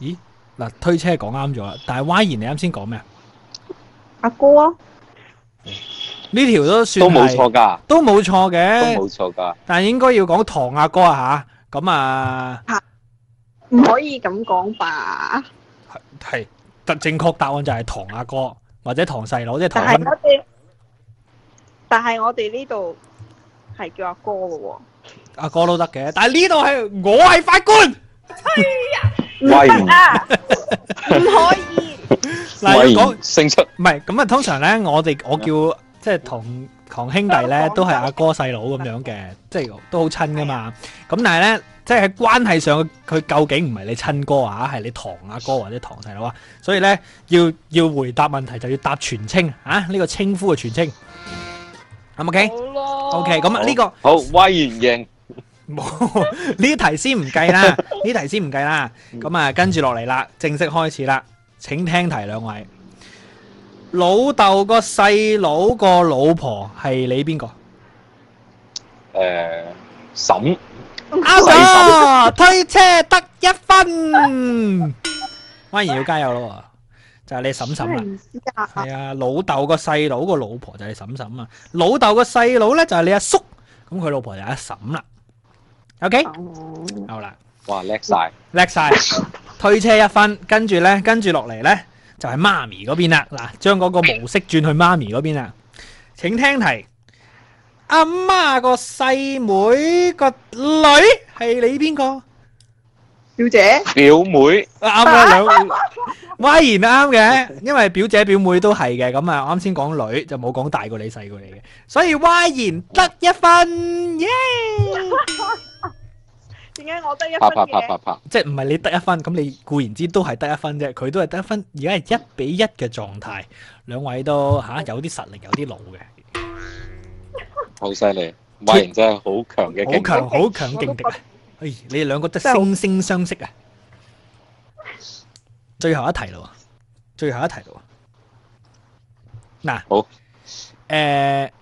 咦？嗱，推車講啱咗啦，但係 Why 然你啱先講咩啊？阿哥。哎呢條都算都冇錯噶，都冇錯嘅，都冇錯噶。但係應該要講唐阿哥啊吓，咁啊，唔、啊、可以咁講吧？係，答正確答案就係唐阿哥或者唐細佬，即係唐。但係我哋，但係我哋呢度係叫阿哥噶喎，哦。阿、啊、哥都得嘅，但係呢度係我係法官，喂 行啊，唔 行、啊、 可以。喂？ 唔可以。唔可以。唔可唔可以。唔可以。唔可即係堂堂兄弟咧，都係阿哥細佬咁樣嘅，即係都好親噶嘛。咁但係咧，即係喺關係上，佢究竟唔係你親哥啊，係你堂阿哥、哥或者堂細佬啊。所以咧，要要回答問題就要答全稱啊，呢、這個稱呼嘅全稱。O K，O K，咁啊呢個好，好威嚴。冇 呢題先唔計啦，呢題先唔計啦。咁 啊跟住落嚟啦，正式開始啦，請聽題兩位。老豆個細佬個老婆係你邊個？誒、呃，嬸，阿嬸推車得一分，番 禺要加油咯，就係、是、你嬸嬸啦。係 啊，老豆個細佬個老婆就係你嬸嬸啊。老豆個細佬咧就係、是、你阿叔，咁佢老婆就係阿嬸啦。OK，好啦，哇叻晒，叻晒， 推車一分，跟住咧，跟住落嚟咧。就係媽咪嗰邊啦，嗱，將嗰個模式轉去媽咪嗰邊啦。請聽題：阿媽個細妹個女係你邊個？表姐？表妹？啱呀！歪言啱嘅，因為表姐表妹都係嘅。咁我啱先講女，就冇講大過你細過你嘅。所以歪言得一分。耶！ 點解我得一分拍拍拍拍拍，即係唔係你得一分？咁你固然之都係得一分啫。佢都係得一分。而家係一比一嘅狀態，兩位都吓、啊、有啲實力，有啲老嘅。好犀利，真係好強嘅好強，好強勁敵啊！哎，你哋兩個都係惺惺相惜啊！最後一題咯！最後一題咯！嗱、啊，好，誒、呃，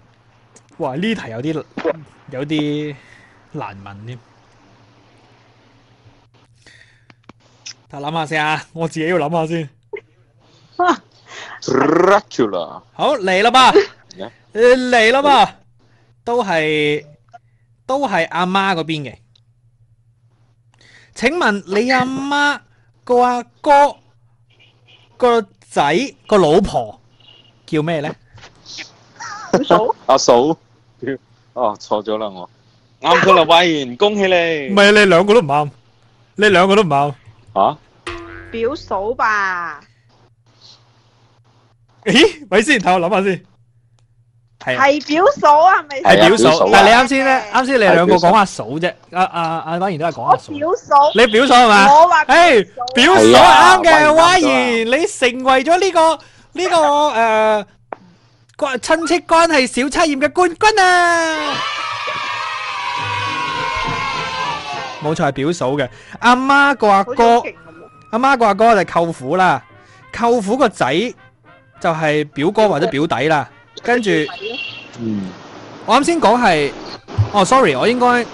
哇，呢題有啲有啲難問添。我諗下先啊，我自己要諗下先。好嚟啦嘛，嚟啦嘛，都係都係阿媽嗰邊嘅。請問你阿媽個阿哥個仔個老婆叫咩咧？阿嫂，阿嫂，哦，錯咗啦，我啱佢啦，威然，恭喜你。唔係啊，你兩個都唔啱，你兩個都唔啱，吓？表嫂吧？誒，咪先睇我諗下先，係係表嫂係咪？係表嫂，但係你啱先咧，啱先你兩個講阿嫂啫，阿阿阿婉儀都係講阿嫂。表嫂，你表嫂係咪？我話，誒，表嫂係啱嘅，温然你成為咗呢個呢個誒關係親戚關係小測驗嘅冠軍啊！冇錯係表嫂嘅，阿媽個阿哥。阿媽個阿哥就係舅父啦，舅父個仔就係表哥或者表弟啦，跟住，嗯，我啱先講係，哦，sorry，我應該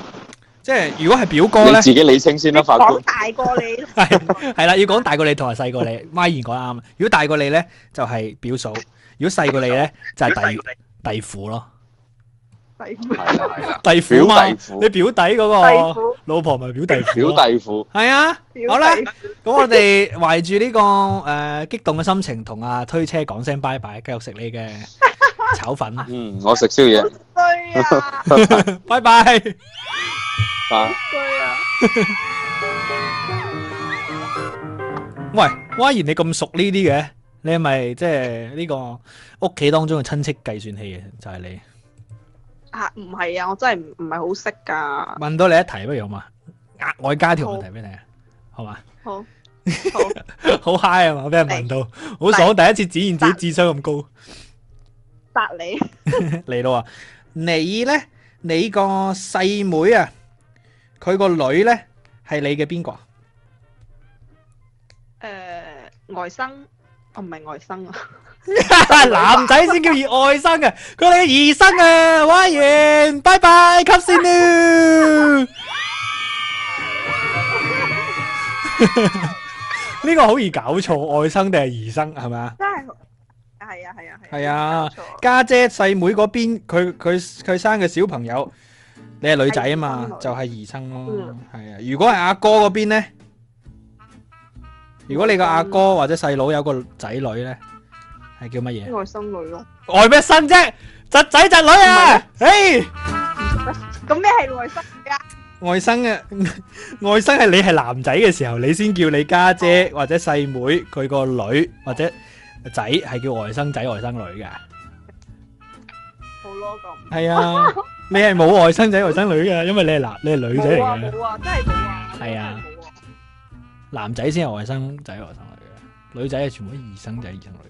即係如果係表哥咧，自己理清先啦，法官，講大過你，係係啦，要講大過你同埋細過你，媽言講啱，如果大過你咧就係、是、表嫂，如果細過你咧就係、是、弟弟父咯。弟夫，弟夫嘛？你表弟嗰個老婆咪表弟夫？表弟夫。係啊。好啦，咁我哋懷住呢個誒激動嘅心情，同阿推車講聲拜拜，繼續食你嘅炒粉。嗯，我食宵夜。衰啊！拜拜。衰啊！喂，嘩然你咁熟呢啲嘅？你係咪即係呢個屋企當中嘅親戚計算器啊？就係你。啊，唔係啊，我真係唔唔係好識噶。問到你一題不如嘛，額外加條問題俾你啊，好嘛？好，好，好 high 啊，嘛，我俾人問到，好爽，第一次展現自己智商咁高。答你嚟到啊，你咧，你個細妹，妹啊，佢個女咧係你嘅邊個誒，外甥，唔係外甥啊。男仔先叫姨外甥嘅，佢係姨甥啊！Yan，拜拜，cut 先啦。呢個好易搞錯，外甥定係姨甥係咪啊？真係，係啊，係啊，係啊。係啊，家姐細妹嗰邊，佢佢佢生嘅小朋友，你係女仔啊嘛，就係姨甥咯。係啊，如果係阿哥嗰邊咧，如果你個阿哥或者細佬有個仔女咧。係叫乜嘢？外甥女咯，外咩甥啫？侄仔侄女啊！誒，咁咩係外甥嘅？外甥啊，外甥係你係男仔嘅時候，你先叫你家姐或者細妹佢個女或者仔係叫外甥仔外甥女嘅。好咯咁。係啊，你係冇外甥仔外甥女嘅，因為你係男，你係女仔嚟嘅。冇啊，真係冇啊。係啊，冇啊，男仔先係外甥仔外甥女嘅，女仔係全部都姨甥仔姨甥女。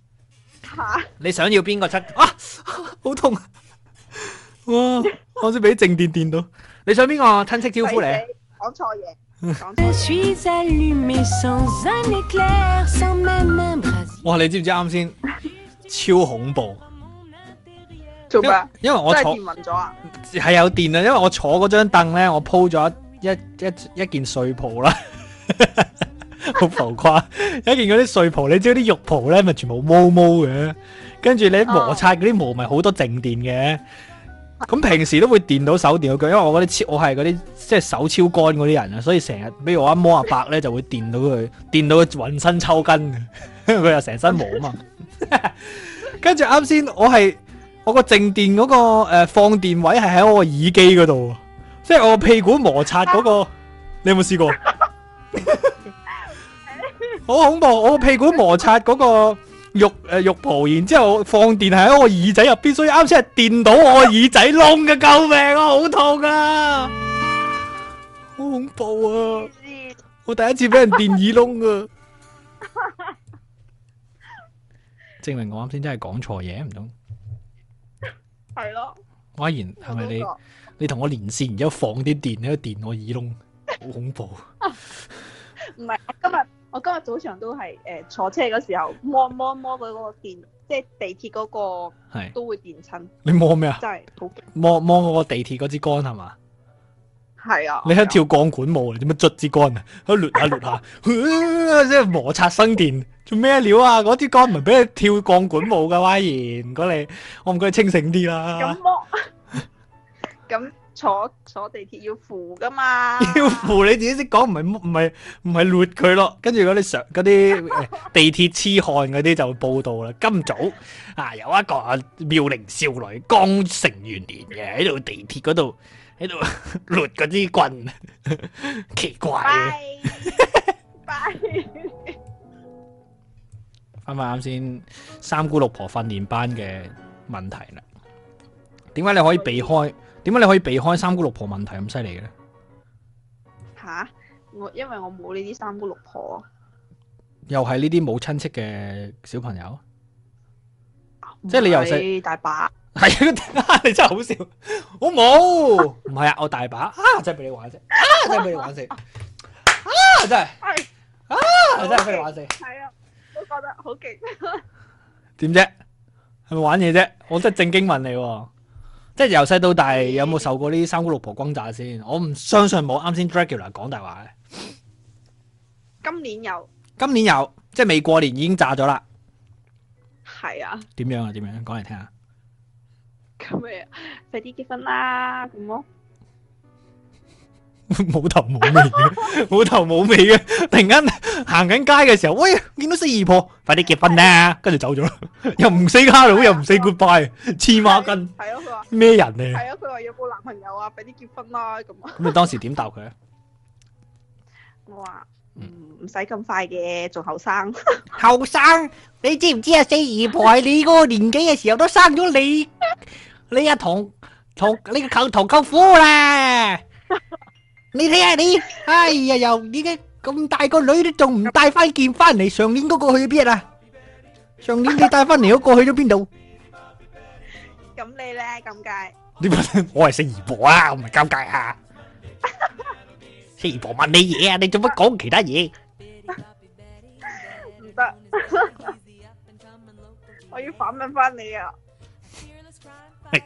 你想要邊個出？啊，好痛啊！哇，我先俾靜電電到你。 你想邊個親戚招呼你？講錯嘢。我話你知唔知啱先？超恐怖。做咩？因為我坐電暈咗啊！係有電啊！因為我坐嗰張凳咧，我鋪咗一一一一件睡袍啦。 好 浮誇！有一件嗰啲睡袍，你知嗰啲浴袍咧，咪全部毛毛嘅，跟住你摩擦嗰啲毛，咪好多靜電嘅。咁平時都會電到手電到腳，因為我嗰啲超，我係嗰啲即係手超乾嗰啲人啊，所以成日比如我一摸阿伯咧，就會電到佢， 電到佢渾身抽筋，因為佢又成身毛啊嘛。跟住啱先，我係我、個靜電嗰個誒放電位係喺我個耳機嗰度，即係我屁股摩擦嗰、個，你有冇試過？ 好恐怖！我個屁股摩擦嗰個肉誒、呃、肉蒲，然之後放電係喺我耳仔入邊，所以啱先係電到我耳仔窿嘅， 救命啊！好痛啊！好恐怖啊！我第一次俾人電耳窿啊！ 證明我啱先真係講錯嘢，唔通係咯？阿賢係咪你 你同我連線，然之後放啲電，喺度電我耳窿，好恐怖！唔係我今日。 我今日早上都係誒、呃、坐車嗰時候摸摸摸嗰個電，即係地鐵嗰、嗰個係 都會電親。你摸咩啊？真係好勁摸摸嗰個地鐵嗰支杆係嘛？係啊！你喺跳鋼管舞嚟，做乜捽支杆啊？喺度捋下捋下，即係摩擦生電，做咩料啊？嗰啲杆唔係俾你跳鋼管舞噶， 歪然唔該你，我唔該你清醒啲啦、啊。咁摸，咁。 坐坐地鐵要扶噶嘛？要扶你自己識講，唔係唔係唔係攞佢咯。跟住嗰啲上啲地鐵痴漢嗰啲就報道啦。今早啊，有一個啊妙齡少女剛成年嘅喺度地鐵嗰度喺度攞嗰支棍呵呵，奇怪。拜拜 Bye. Bye. Bye. 翻啱先三姑六婆訓練班嘅問題啦，點解你可以避開？點解你可以避開三姑六婆問題咁犀利嘅咧？吓，我因為我冇呢啲三姑六婆。啊，又係呢啲冇親戚嘅小朋友，啊、即係你又細大把。係啊，你真係好笑，好冇。唔係 啊，我大把啊，真係俾你玩啫，真係俾你玩死啊，真係啊，真係俾你玩死。係啊，都、啊唉啊、覺得好勁。點 啫？係咪玩嘢啫？我真係正經問你。 即係由細到大有冇受過呢啲三姑六婆轟炸先？我唔相信冇。啱先，Dracula 講大話咧。今年有，今年有，即係未過年已經炸咗啦。係啊。點樣啊？點樣？講嚟聽下。咁啊，啊今快啲結婚啦！咁啊。冇 頭冇尾嘅，冇頭冇尾嘅。突然間行緊街嘅時候，喂，見到四姨婆，快啲結婚啦，跟住走咗啦，又唔 say hello，又唔 say goodbye，黐孖筋。係咯，佢話咩人呢？係啊，佢話有冇男朋友啊？快啲結婚啦咁啊！咁你當時點答佢啊？我話唔唔使咁快嘅，做後生。後 生，你知唔知啊？四姨婆喺你嗰個年紀嘅時候都生咗你你一同，同，你個舅堂舅父啦。你睇下你，哎呀又點解咁大個女你仲唔帶翻件翻嚟？上年嗰個去咗邊啊？上年你帶翻嚟，嗰個去咗邊度？咁你咧咁解？呢個我係四姨婆啊，唔係尷尬啊！四姨婆問你嘢啊，你做乜講其他嘢？唔得，我要反問翻你啊！喂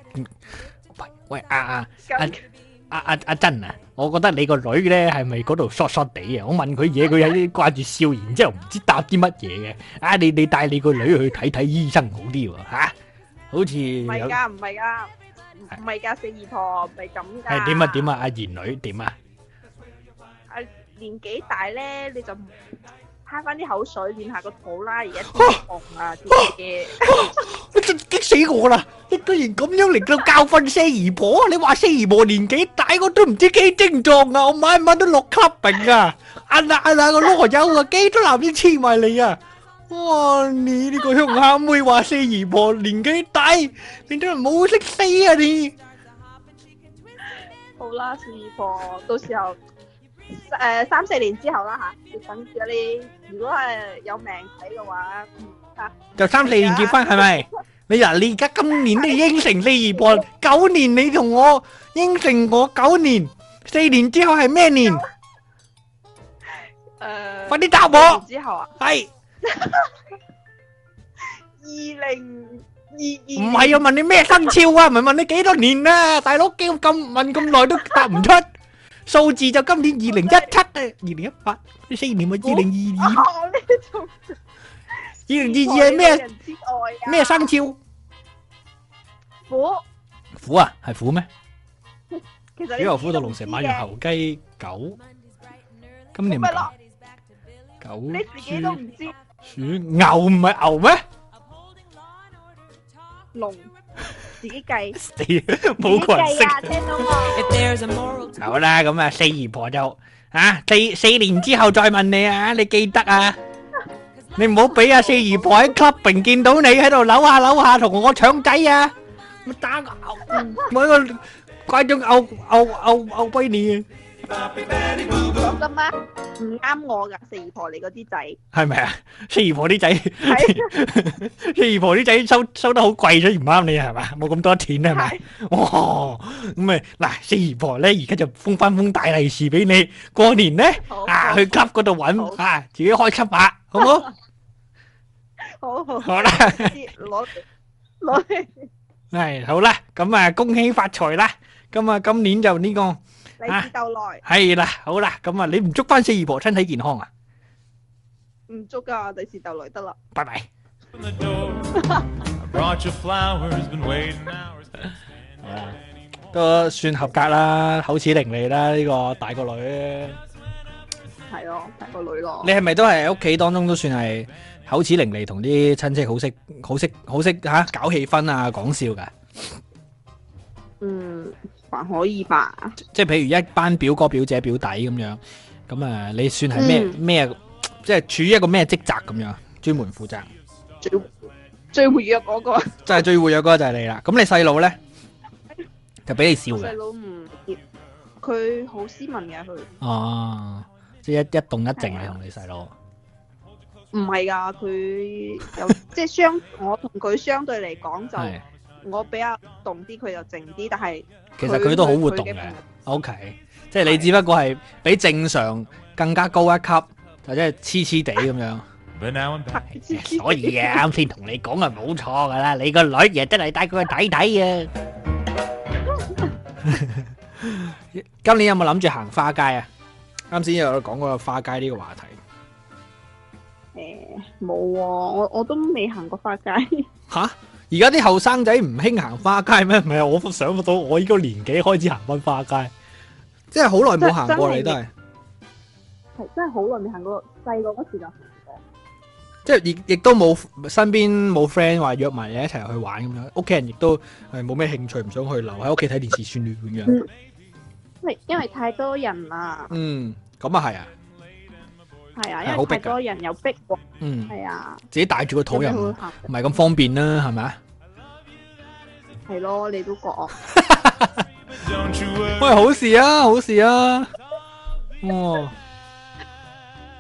喂啊啊！阿阿阿珍啊，我覺得你個女咧係咪嗰度 short short 哋啊？我問佢嘢，佢有啲掛住笑，然之後唔知答啲乜嘢嘅。啊，你你帶你個女去睇睇醫生好啲喎嚇，好似唔係㗎，唔係㗎，唔係㗎，四姨婆咪咁㗎。係點啊？點啊？阿賢女點啊？阿年紀大咧，你就。慳翻啲口水練下個肚啦，而家痛啊！激死我啦！你居然咁樣嚟到教訓四姨婆，你話四姨婆年紀大，我都唔知幾精壯啊！我晚晚都落咳病啊！阿娜阿娜，我攞個藥啊，幾多男先黐埋你啊！哇，你呢個鄉下妹話四姨婆年紀大，你真係冇識死啊你！好啦，四姨婆，到時候誒三四年之後啦吓，要等住你。如果係有命仔嘅話，吓就三四年結婚係咪？你呀，你而家今年你應承四二婆九年，你同我應承我九年，四年之後係咩年？誒，快啲答我之後啊，係二零二二。唔係啊，問你咩生肖啊？唔係問你幾多年啊？大佬叫咁問咁耐都答唔出。數字就今年二零一七誒，二零一八，四年冇二零二二。二零二二係咩？咩生肖？虎。虎啊，係虎咩？鼠牛虎兔龍蛇馬羊猴雞狗，今年唔講。九。你自己都唔知。鼠牛唔係牛咩？龍。自己計，冇個人識。 好啦，咁啊，四姨婆就啊，四四年之後再問你啊，你記得啊？你唔好俾阿四姨婆喺 club 並見到你喺度扭下扭下同我搶仔啊！打個牛，咪個關張，拗拗拗拗跛你，啊。得咩？唔啱我噶，四姨婆你嗰啲仔係咪啊？四姨婆啲仔，四姨婆啲仔收收得好貴，所以唔啱你係嘛？冇咁多錢係咪？哇！咁咪嗱四姨婆咧，而家就封翻封大利是俾你過年咧啊！去級嗰度搵啊，自己開級碼好唔好？好好好啦，啲攞攞係好啦，咁啊恭喜發財啦！咁啊今年就呢個。第時逗來係啦，好啦，咁啊，你唔祝翻四姨婆身體健康啊？唔捉噶，第次逗來得啦。拜拜。都算合格啦，口齒伶俐啦，呢個大個女。係咯，大個女咯。你係咪都係喺屋企當中都算係口齒伶俐，同啲親戚好識好識好識吓搞氣氛啊，講笑噶。嗯。還可以吧，即係譬如一班表哥表姐表弟咁樣，咁、嗯那個、 啊，你算係咩咩，即係處於一個咩職責咁樣，專門負責最最活躍嗰個就係最活躍嗰個就係你啦，咁你細佬咧就俾你笑嘅，我細佬唔，佢好斯文嘅佢哦，即係一一動一靜係，同你細佬唔係噶，佢有即係相，我同佢相對嚟講就。 我比較動啲，佢就靜啲，但係其實佢都好活動嘅。O K，即係你只不過係比正常更加高一級，就即係黐黐地咁樣。But now I'm back。所以啊，啱先同你講係，冇錯噶啦，你個女日日都嚟帶佢去睇睇啊。今年有冇諗住行花街啊？啱先有講過花街呢個話題。誒，冇喎，我我都未行過花街。嚇！而家啲後生仔唔興行花街咩？唔係，我想不到我呢個年紀開始行翻花街，即係好耐冇行過嚟，都係，係真係好耐未行過。細個嗰時候行過，行的即係亦亦都冇身邊冇 friend 話約埋你一齊去玩咁樣，屋企人亦都係冇咩興趣，唔想去，留喺屋企睇電視算啦咁樣。因為太多人啦。嗯，咁啊係啊，係啊，因為好多人又逼喎，嗯，係啊，自己帶住個肚又唔係咁方便啦，係咪啊？係咯，你都覺啊，喂，好事啊，好事啊，哦，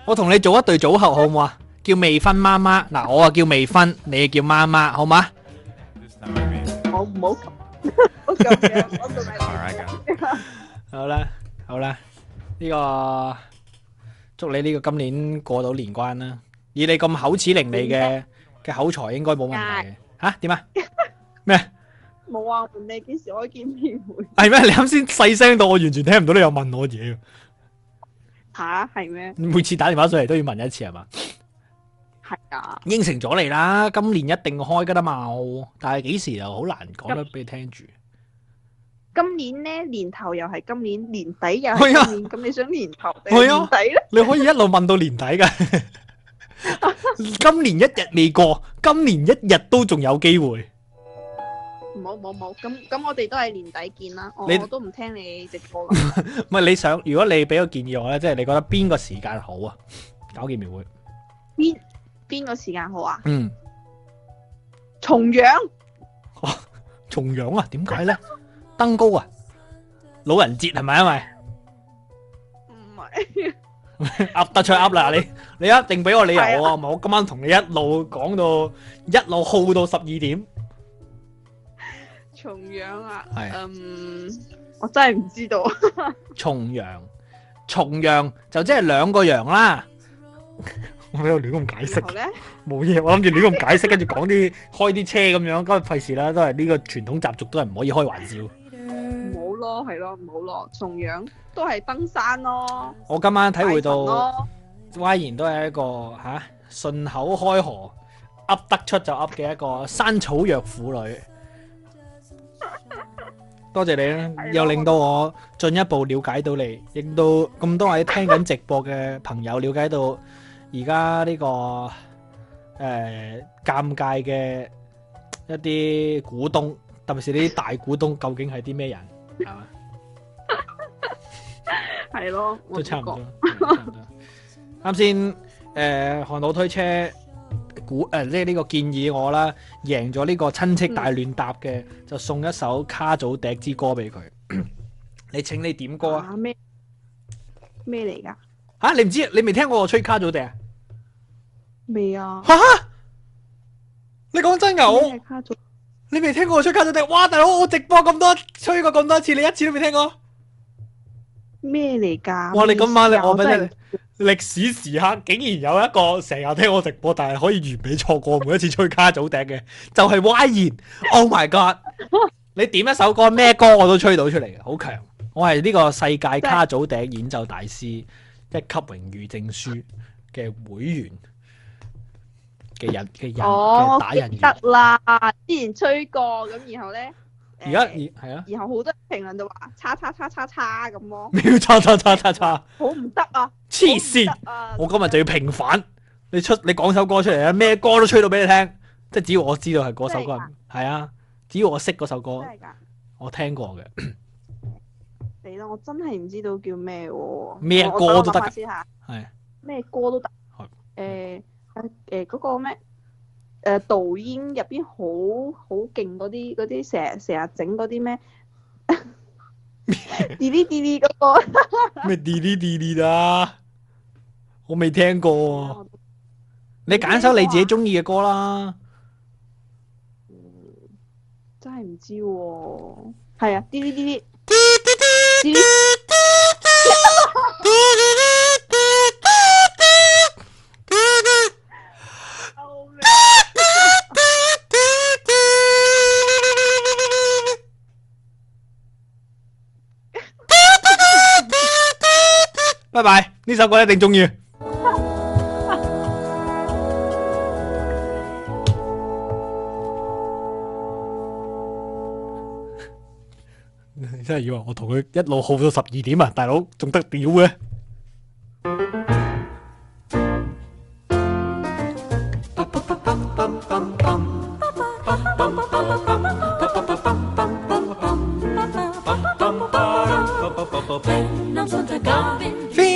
我同你做一對組合好唔好啊？叫未婚媽媽，嗱，我啊叫未婚，你叫媽媽，好嘛？好唔好？我做嘅，我做咪得？好啦，好啦，呢個祝你呢個今年過到年關啦。以你咁口齒伶俐嘅嘅口才，應該冇問題。吓，點啊？咩？冇啊，你幾時開見面會？係咩？你啱先細聲到我完全聽唔到，你又問我嘢。吓，係咩？每次打電話上嚟都要問一次係嘛？係啊。應承咗你啦，今年一定開噶啦嘛。但係幾時又好難講得俾你聽住。今年呢年頭又係今年年底又係今年，咁你想年頭定年底呢？你可以一路問到年底㗎。今年一日未過，今年一日都仲有機會。冇冇冇，咁咁我哋都係年底見啦。我都唔聽你直播。唔係你想，如果你俾個建議我咧，即係你覺得邊個時間好啊？搞見廟會邊邊個時間好啊？嗯，重陽。哇，重陽啊？點解咧？登高啊？老人節係咪？因為唔係。噏得出噏啦！你你一定俾個理由我啊！唔係我今晚同你一路講到一路耗到十二點。重陽啊，係啊，嗯，我真係唔知道。 重陽，重陽就即係兩個陽啦。 我喺度亂咁解釋，冇 嘢，我諗住亂咁解釋，跟住講啲開啲車咁樣，都係費事啦，都係呢個傳統習俗，都係唔可以開玩笑。唔好咯，係咯，唔好咯，重陽都係登山咯。我今晚體會到，歪然都係一個吓啊、順口開河，噏得出就噏嘅一個山草藥婦女。多謝你啦，又令到我進一步了解到你，令到咁多位聽緊直播嘅朋友了解到而家呢個誒尷尬嘅一啲股東，特別是呢啲大股東究竟係啲咩人，係 嘛是吧？係咯，都差唔不多，差唔多。啱先誒，韓老推車。估、呃、即係呢個建議我啦，贏咗呢個親戚大亂搭嘅、嗯，就送一首卡祖笛之歌俾佢。 你請你點歌啊？咩咩嚟㗎？嚇你唔知？你未聽過我吹卡祖笛啊？未啊！哈哈，你講真牛！你未聽過我吹卡祖笛？哇！大佬，我直播咁多，吹過咁多次，你一次都未聽過？咩嚟㗎？我哋今晚你我俾你聽歷史時刻，竟然有一個成日聽我直播，但係可以完美錯過 每一次吹卡祖笛嘅，就係 Y。然。Oh my god！ 你點一首歌，咩歌我都吹到出嚟嘅，好強！我係呢個世界卡祖笛演奏大師、就是、一級榮譽證書嘅會員嘅人嘅人，人打人得啦！之、哦、前吹過咁，然後呢？而家而係啊，然後好多評論就話叉叉叉叉叉咁咯，咩叉叉叉叉叉，好唔得啊！黐線、啊，我今日就要平反、就是、你出你講首歌出嚟啊！咩歌都吹到俾你聽，即係只要我知道係嗰首歌，係啊，只要我識嗰首歌，我聽過嘅。死啦，我真係唔知道叫咩喎、啊？咩歌都得嘅，係咩歌都得？誒誒嗰個咩？誒，導演入邊好好勁嗰啲嗰啲，成日成日整嗰啲咩？嘀哩嘀哩嗰個咩？嘀哩嘀哩啦，我未聽過。你揀首你自己中意嘅歌啦。真係唔知喎。係啊，嘀哩嘀哩。拜拜！呢首歌一定鍾意。你真係以為我同佢一路耗到十二點啊，大佬，仲得屌嘅？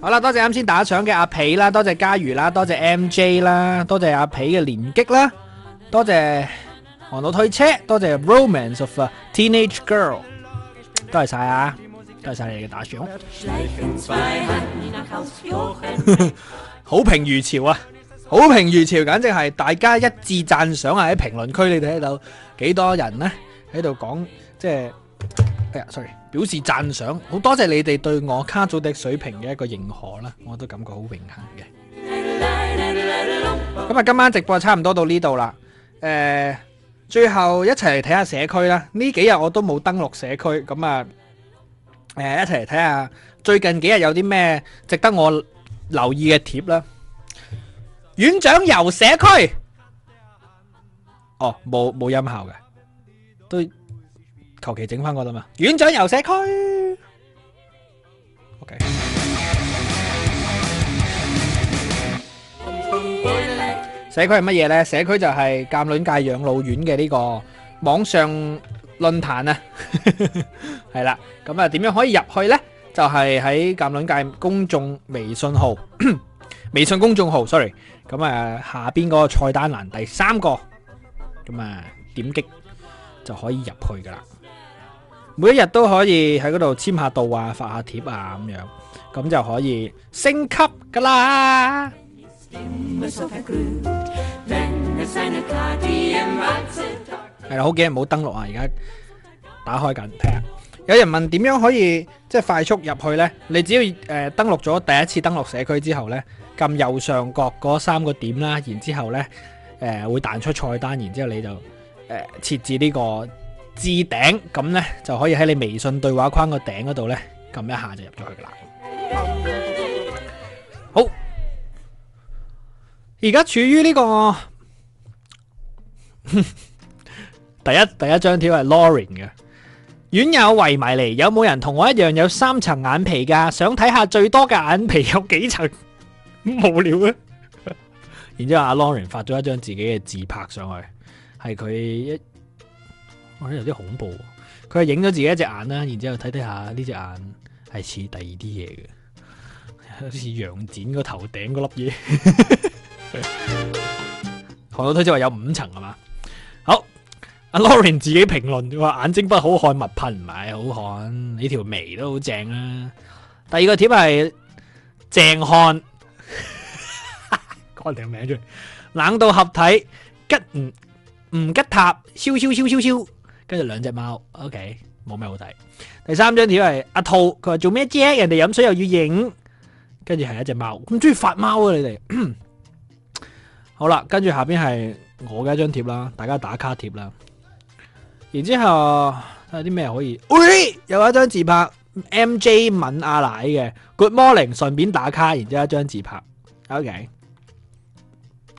好啦，多謝啱先打賞嘅阿皮啦，多謝嘉瑜啦，多謝 MJ 啦，多謝阿皮嘅連擊啦，多謝行路推車，多謝 Romance of a Teenage Girl，多謝晒啊，多謝晒你嘅打賞，好評如潮啊，好評如潮，簡直係大家一致讚賞啊！喺評論區你哋睇到幾多人呢？喺度講，即係哎呀，sorry。表示讚賞，好多謝你哋對我卡祖迪水平嘅一個認可啦，我都感覺好榮幸嘅。咁啊，今晚直播差唔多到呢度啦。誒，最後一齊嚟睇下社區啦。呢幾日我都冇登錄社區，咁啊誒，一齊嚟睇下最近幾日有啲咩值得我留意嘅貼啦。院長遊社區，哦，冇冇音效嘅，都。求其整翻個啦嘛？院長遊社區。OK。社區係乜嘢呢？社區就係監戀界養老院嘅呢個網上論壇啊。係啦，咁啊點樣可以入去呢？就係喺監戀界公眾微信號、微信公眾號，sorry。咁啊下邊嗰個菜單欄第三個，咁啊點擊就可以入去噶啦。每一日都可以喺嗰度簽下到啊，發下帖啊，咁樣咁就可以升級噶啦。係、嗯、啦，好幾日冇登錄啊，而家打開緊睇下有人問點樣可以即係、就是、快速入去呢？你只要誒、呃、登錄咗第一次登錄社區之後呢，撳右上角嗰三個點啦，然之後咧誒、呃、會彈出菜單，然之後你就誒設、呃、置呢、這個。置頂咁呢，就可以喺你微信對話框個頂嗰度呢，撳一下就入咗去噶啦。好，而家處於呢個第一第一張條係 Lawrence 嘅，網友圍埋嚟，有冇人同我一樣有三層眼皮噶？想睇下最多嘅眼皮有幾層？無聊啊！然之後阿 Lawrence 發咗一張自己嘅自拍上去，係佢一。我、哦、諗有啲恐怖，佢係影咗自己一隻眼啦，然之後睇睇下呢隻眼係似第二啲嘢嘅，似羊展個頭頂個粒嘢。唐、嗯、老 推就話有五層係嘛，好阿 Lauren 自己評論話眼睛不好看物噴，唔係好看，你條眉都好正啦，啊。第二個貼係鄭漢，改條 名先，冷到合體吉唔唔、呃呃、吉塔，燒燒燒燒燒。跟住兩隻貓，OK，冇咩好睇。第三張帖係阿兔，佢話做咩啫？人哋飲水又要影，跟住係一隻貓，咁中意發貓啊！你哋 好啦，跟住下邊係我嘅一張貼啦，大家打卡貼啦。然之後睇下啲咩可以喂，有一張自拍，MJ 吻阿奶嘅 Good Morning，順便打卡，然之後一張自拍，OK，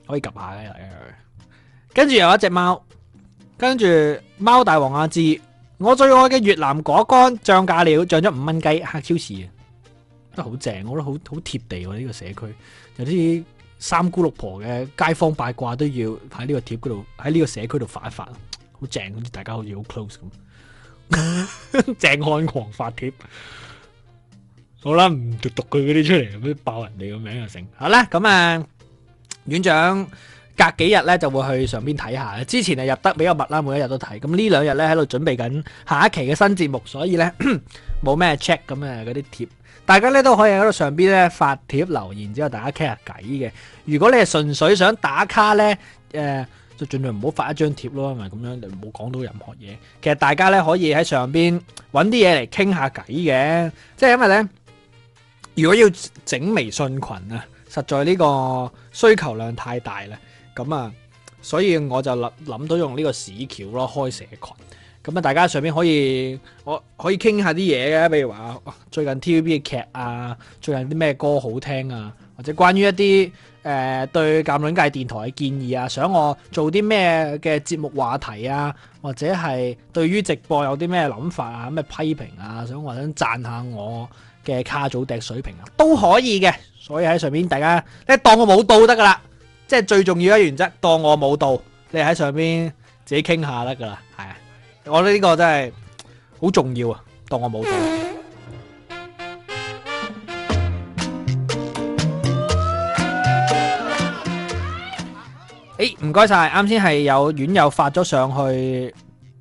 可以及下嘅，跟住有一隻貓。跟住貓大王阿志，我最愛嘅越南果乾漲價了，漲咗五蚊雞。黑超市啊，真係好正，我覺得好好貼地喎。呢個社區有啲三姑六婆嘅街坊八卦都要喺呢個貼嗰度，喺呢個社區度發一發，好正，大家好似好 close 咁。鄭 漢狂發帖，好啦，唔讀讀佢嗰啲出嚟，咩爆人哋個名就成，好啦，咁啊，院長。隔幾日咧就會去上邊睇下。之前啊入得比較密啦，每一日都睇。咁呢兩日咧喺度準備緊下一期嘅新節目，所以咧冇咩 check 咁嘅嗰啲貼。大家咧都可以喺度上邊咧發貼留言，之後大家傾下偈嘅。如果你係純粹想打卡咧，誒、呃、就盡量唔好發一張貼咯，因為咁樣唔好講到任何嘢。其實大家咧可以喺上邊揾啲嘢嚟傾下偈嘅，即係因為咧如果要整微信群啊，實在呢個需求量太大啦。咁啊，所以我就諗諗到用呢個屎橋咯，開社群。咁啊，大家上邊可以我可以傾下啲嘢嘅譬如話最近 TVB 嘅劇啊，最近啲咩歌好聽啊，或者關於一啲誒、呃、對鑒論界電台嘅建議啊，想我做啲咩嘅節目話題啊，或者係對於直播有啲咩諗法啊，咩批評啊，想我想讚下我嘅卡祖笛水平啊，都可以嘅。所以喺上邊大家，你一當我冇到得噶啦。即係最重要嘅原則，當我冇到，你喺上邊自己傾下得噶啦，係啊！我覺得呢個真係好重要啊，當我冇到。誒、嗯，唔該晒，啱先係有院友發咗上去，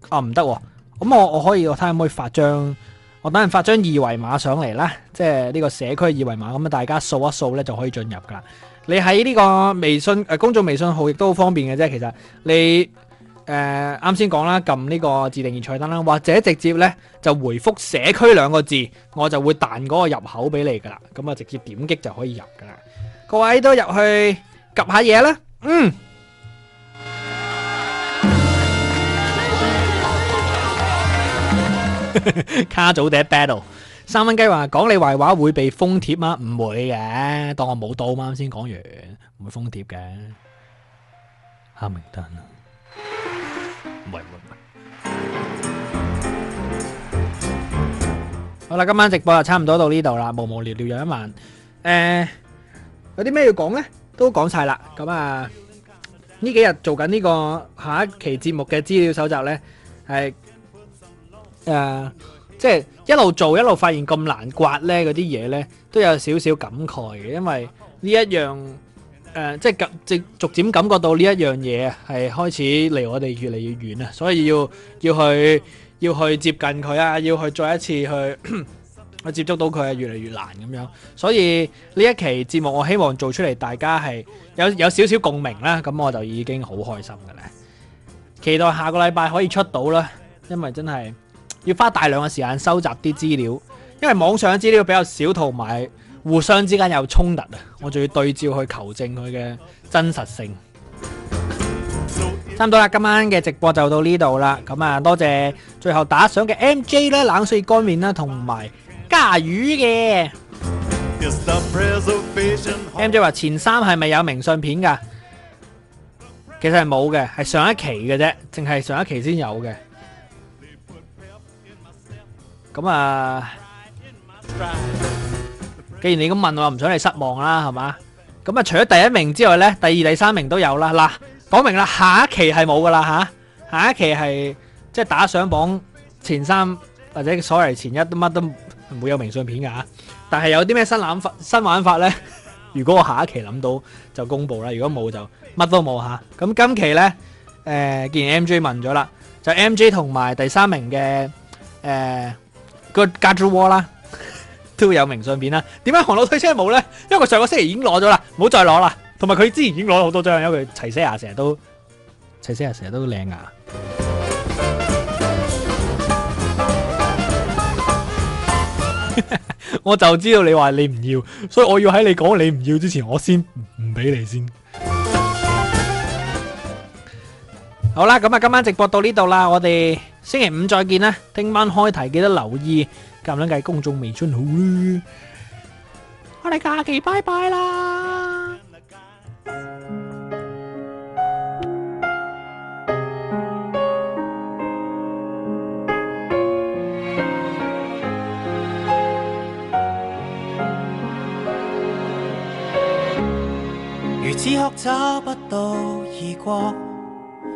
啊唔得，咁、啊、我我可以我睇下可唔可以發張，我等陣發張二維碼上嚟啦，即係呢個社區二維碼，咁啊大家掃一掃咧就可以進入噶啦。你喺呢個微信誒、呃、公眾微信號亦都好方便嘅啫，其實你誒啱先講啦，撳、呃、呢個自定義菜單啦，或者直接呢就回覆社區兩個字，我就會彈嗰個入口俾你噶啦，咁啊直接點擊就可以入噶啦。各位都入去及下嘢啦，嗯， 卡祖笛 battle。三蚊雞話講你壞話會被封貼嗎？唔會嘅，當我冇到。啱先講完，唔會封貼嘅。黑名單啊。好啦，今晚直播就差唔多到呢度啦，無無聊聊有一晚。誒、呃，有啲咩要講呢？都講晒啦。咁啊，呢幾日做緊呢個下一期節目嘅資料搜集呢，係誒。啊即係一路做一路發現咁難刮呢，嗰啲嘢呢都有少少感慨嘅，因為呢一樣誒，即係感逐漸感覺到呢一樣嘢係開始離我哋越嚟越遠啊，所以要要去要去接近佢啊，要去再一次去去接觸到佢啊，越嚟越難咁樣。所以呢一期節目我希望做出嚟，大家係有有少少共鳴啦，咁我就已經好開心嘅啦。期待下個禮拜可以出到啦，因為真係～要花大量嘅時間收集啲資料，因為網上嘅資料比較少，同埋互相之間有衝突啊！我仲要對照去求證佢嘅真實性。So、差唔多啦，今晚嘅直播就到呢度啦。咁啊，多謝最後打賞嘅 MJ 啦、冷水乾麵啦，同埋加宇嘅。MJ 話前三係咪有明信片噶？其實係冇嘅，係上一期嘅啫，淨係上一期先有嘅。咁啊，既然你咁問我，唔想你失望啦，係嘛？咁啊，除咗第一名之外咧，第二、第三名都有啦。嗱，講明啦，下一期係冇噶啦嚇。下一期係即係打上榜前三或者所謂前一都乜都唔會有明信片噶嚇。但係有啲咩新玩法，新玩法咧？如果我下一期諗到就公佈啦。如果冇就乜都冇嚇。咁今期咧，誒既然 MJ 問咗啦，就 MJ 同埋第三名嘅誒。個家珠窩啦，都有明信片啦。點解韓老推車冇咧？因為佢上個星期已經攞咗啦，唔好再攞啦。同埋佢之前已經攞咗好多張，因為佢齊西牙成日都齊西牙成日都靚牙。我就知道你話你唔要，所以我要喺你講你唔要之前，我先唔俾你先。好啦，咁我今晚直播到呢度喇，我哋星期五再見啦，聽晚開題記得留意，咁個公眾微信好啦。我哋假期拜拜喇。Well, so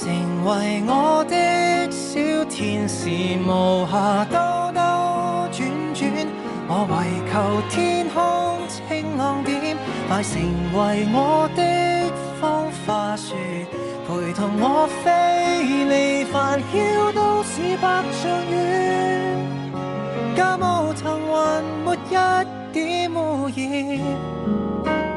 成為我的小天使，無下兜兜轉轉，我唯求天空清朗點，快成為我的風化雪，陪同我飛離煩囂，都市百丈遠，駕霧騰雲，沒一點污染。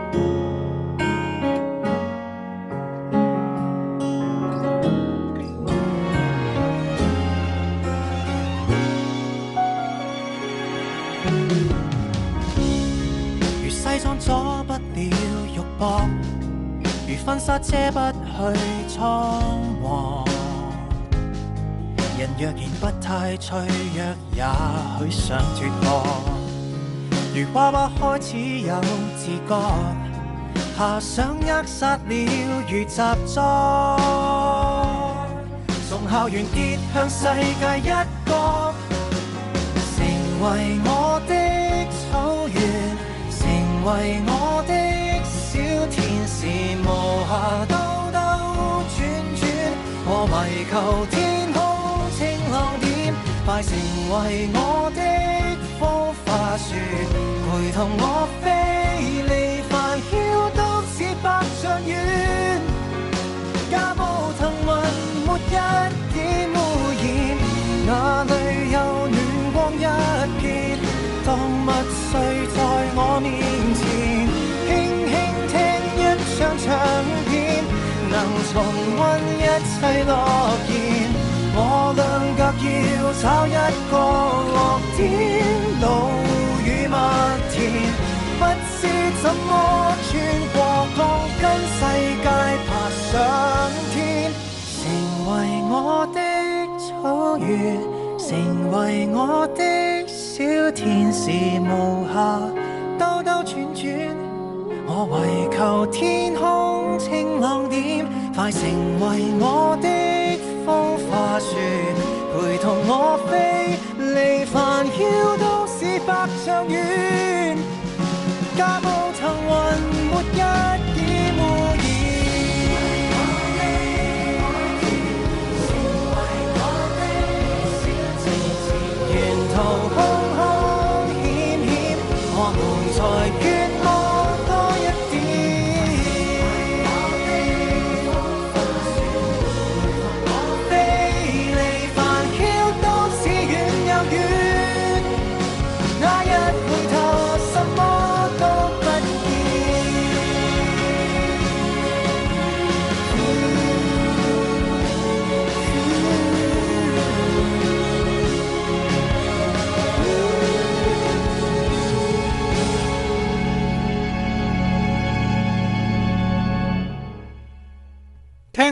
阻不了肉搏，如婚紗遮不去倉皇。人若然不太脆弱，也許想脫殼。如娃娃開始有自覺，下想扼殺了如習作，從校園跌向世界一角，成為我的。為我的小天使無暇兜兜轉轉，我為求天空清朗點，快成為我的風花樹，陪同我。重溫一切諾言，我兩腳要找一個落點，路與漫田，不知怎麼穿過鋼筋世界爬上天，成為我的草原，成為我的小天使，無暇兜兜轉轉，我唯求天空清朗點。快成為我的風花雪，陪同我飛離煩囂，都市百丈遠，駕步騰雲。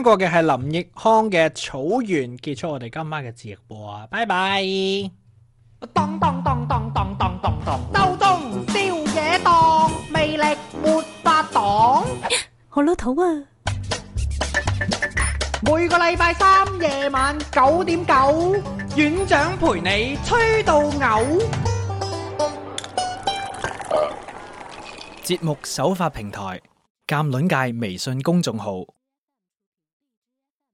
過嘅係林奕匡嘅草原，結束我哋今晚嘅節目啊！拜拜。咚咚咚咚咚咚咚咚，宵夜檔，魅力沒法擋。我老土啊！每個禮拜三夜晚九點九，院長陪你吹到嘔。節目首發平台：鑑卵界微信公眾號。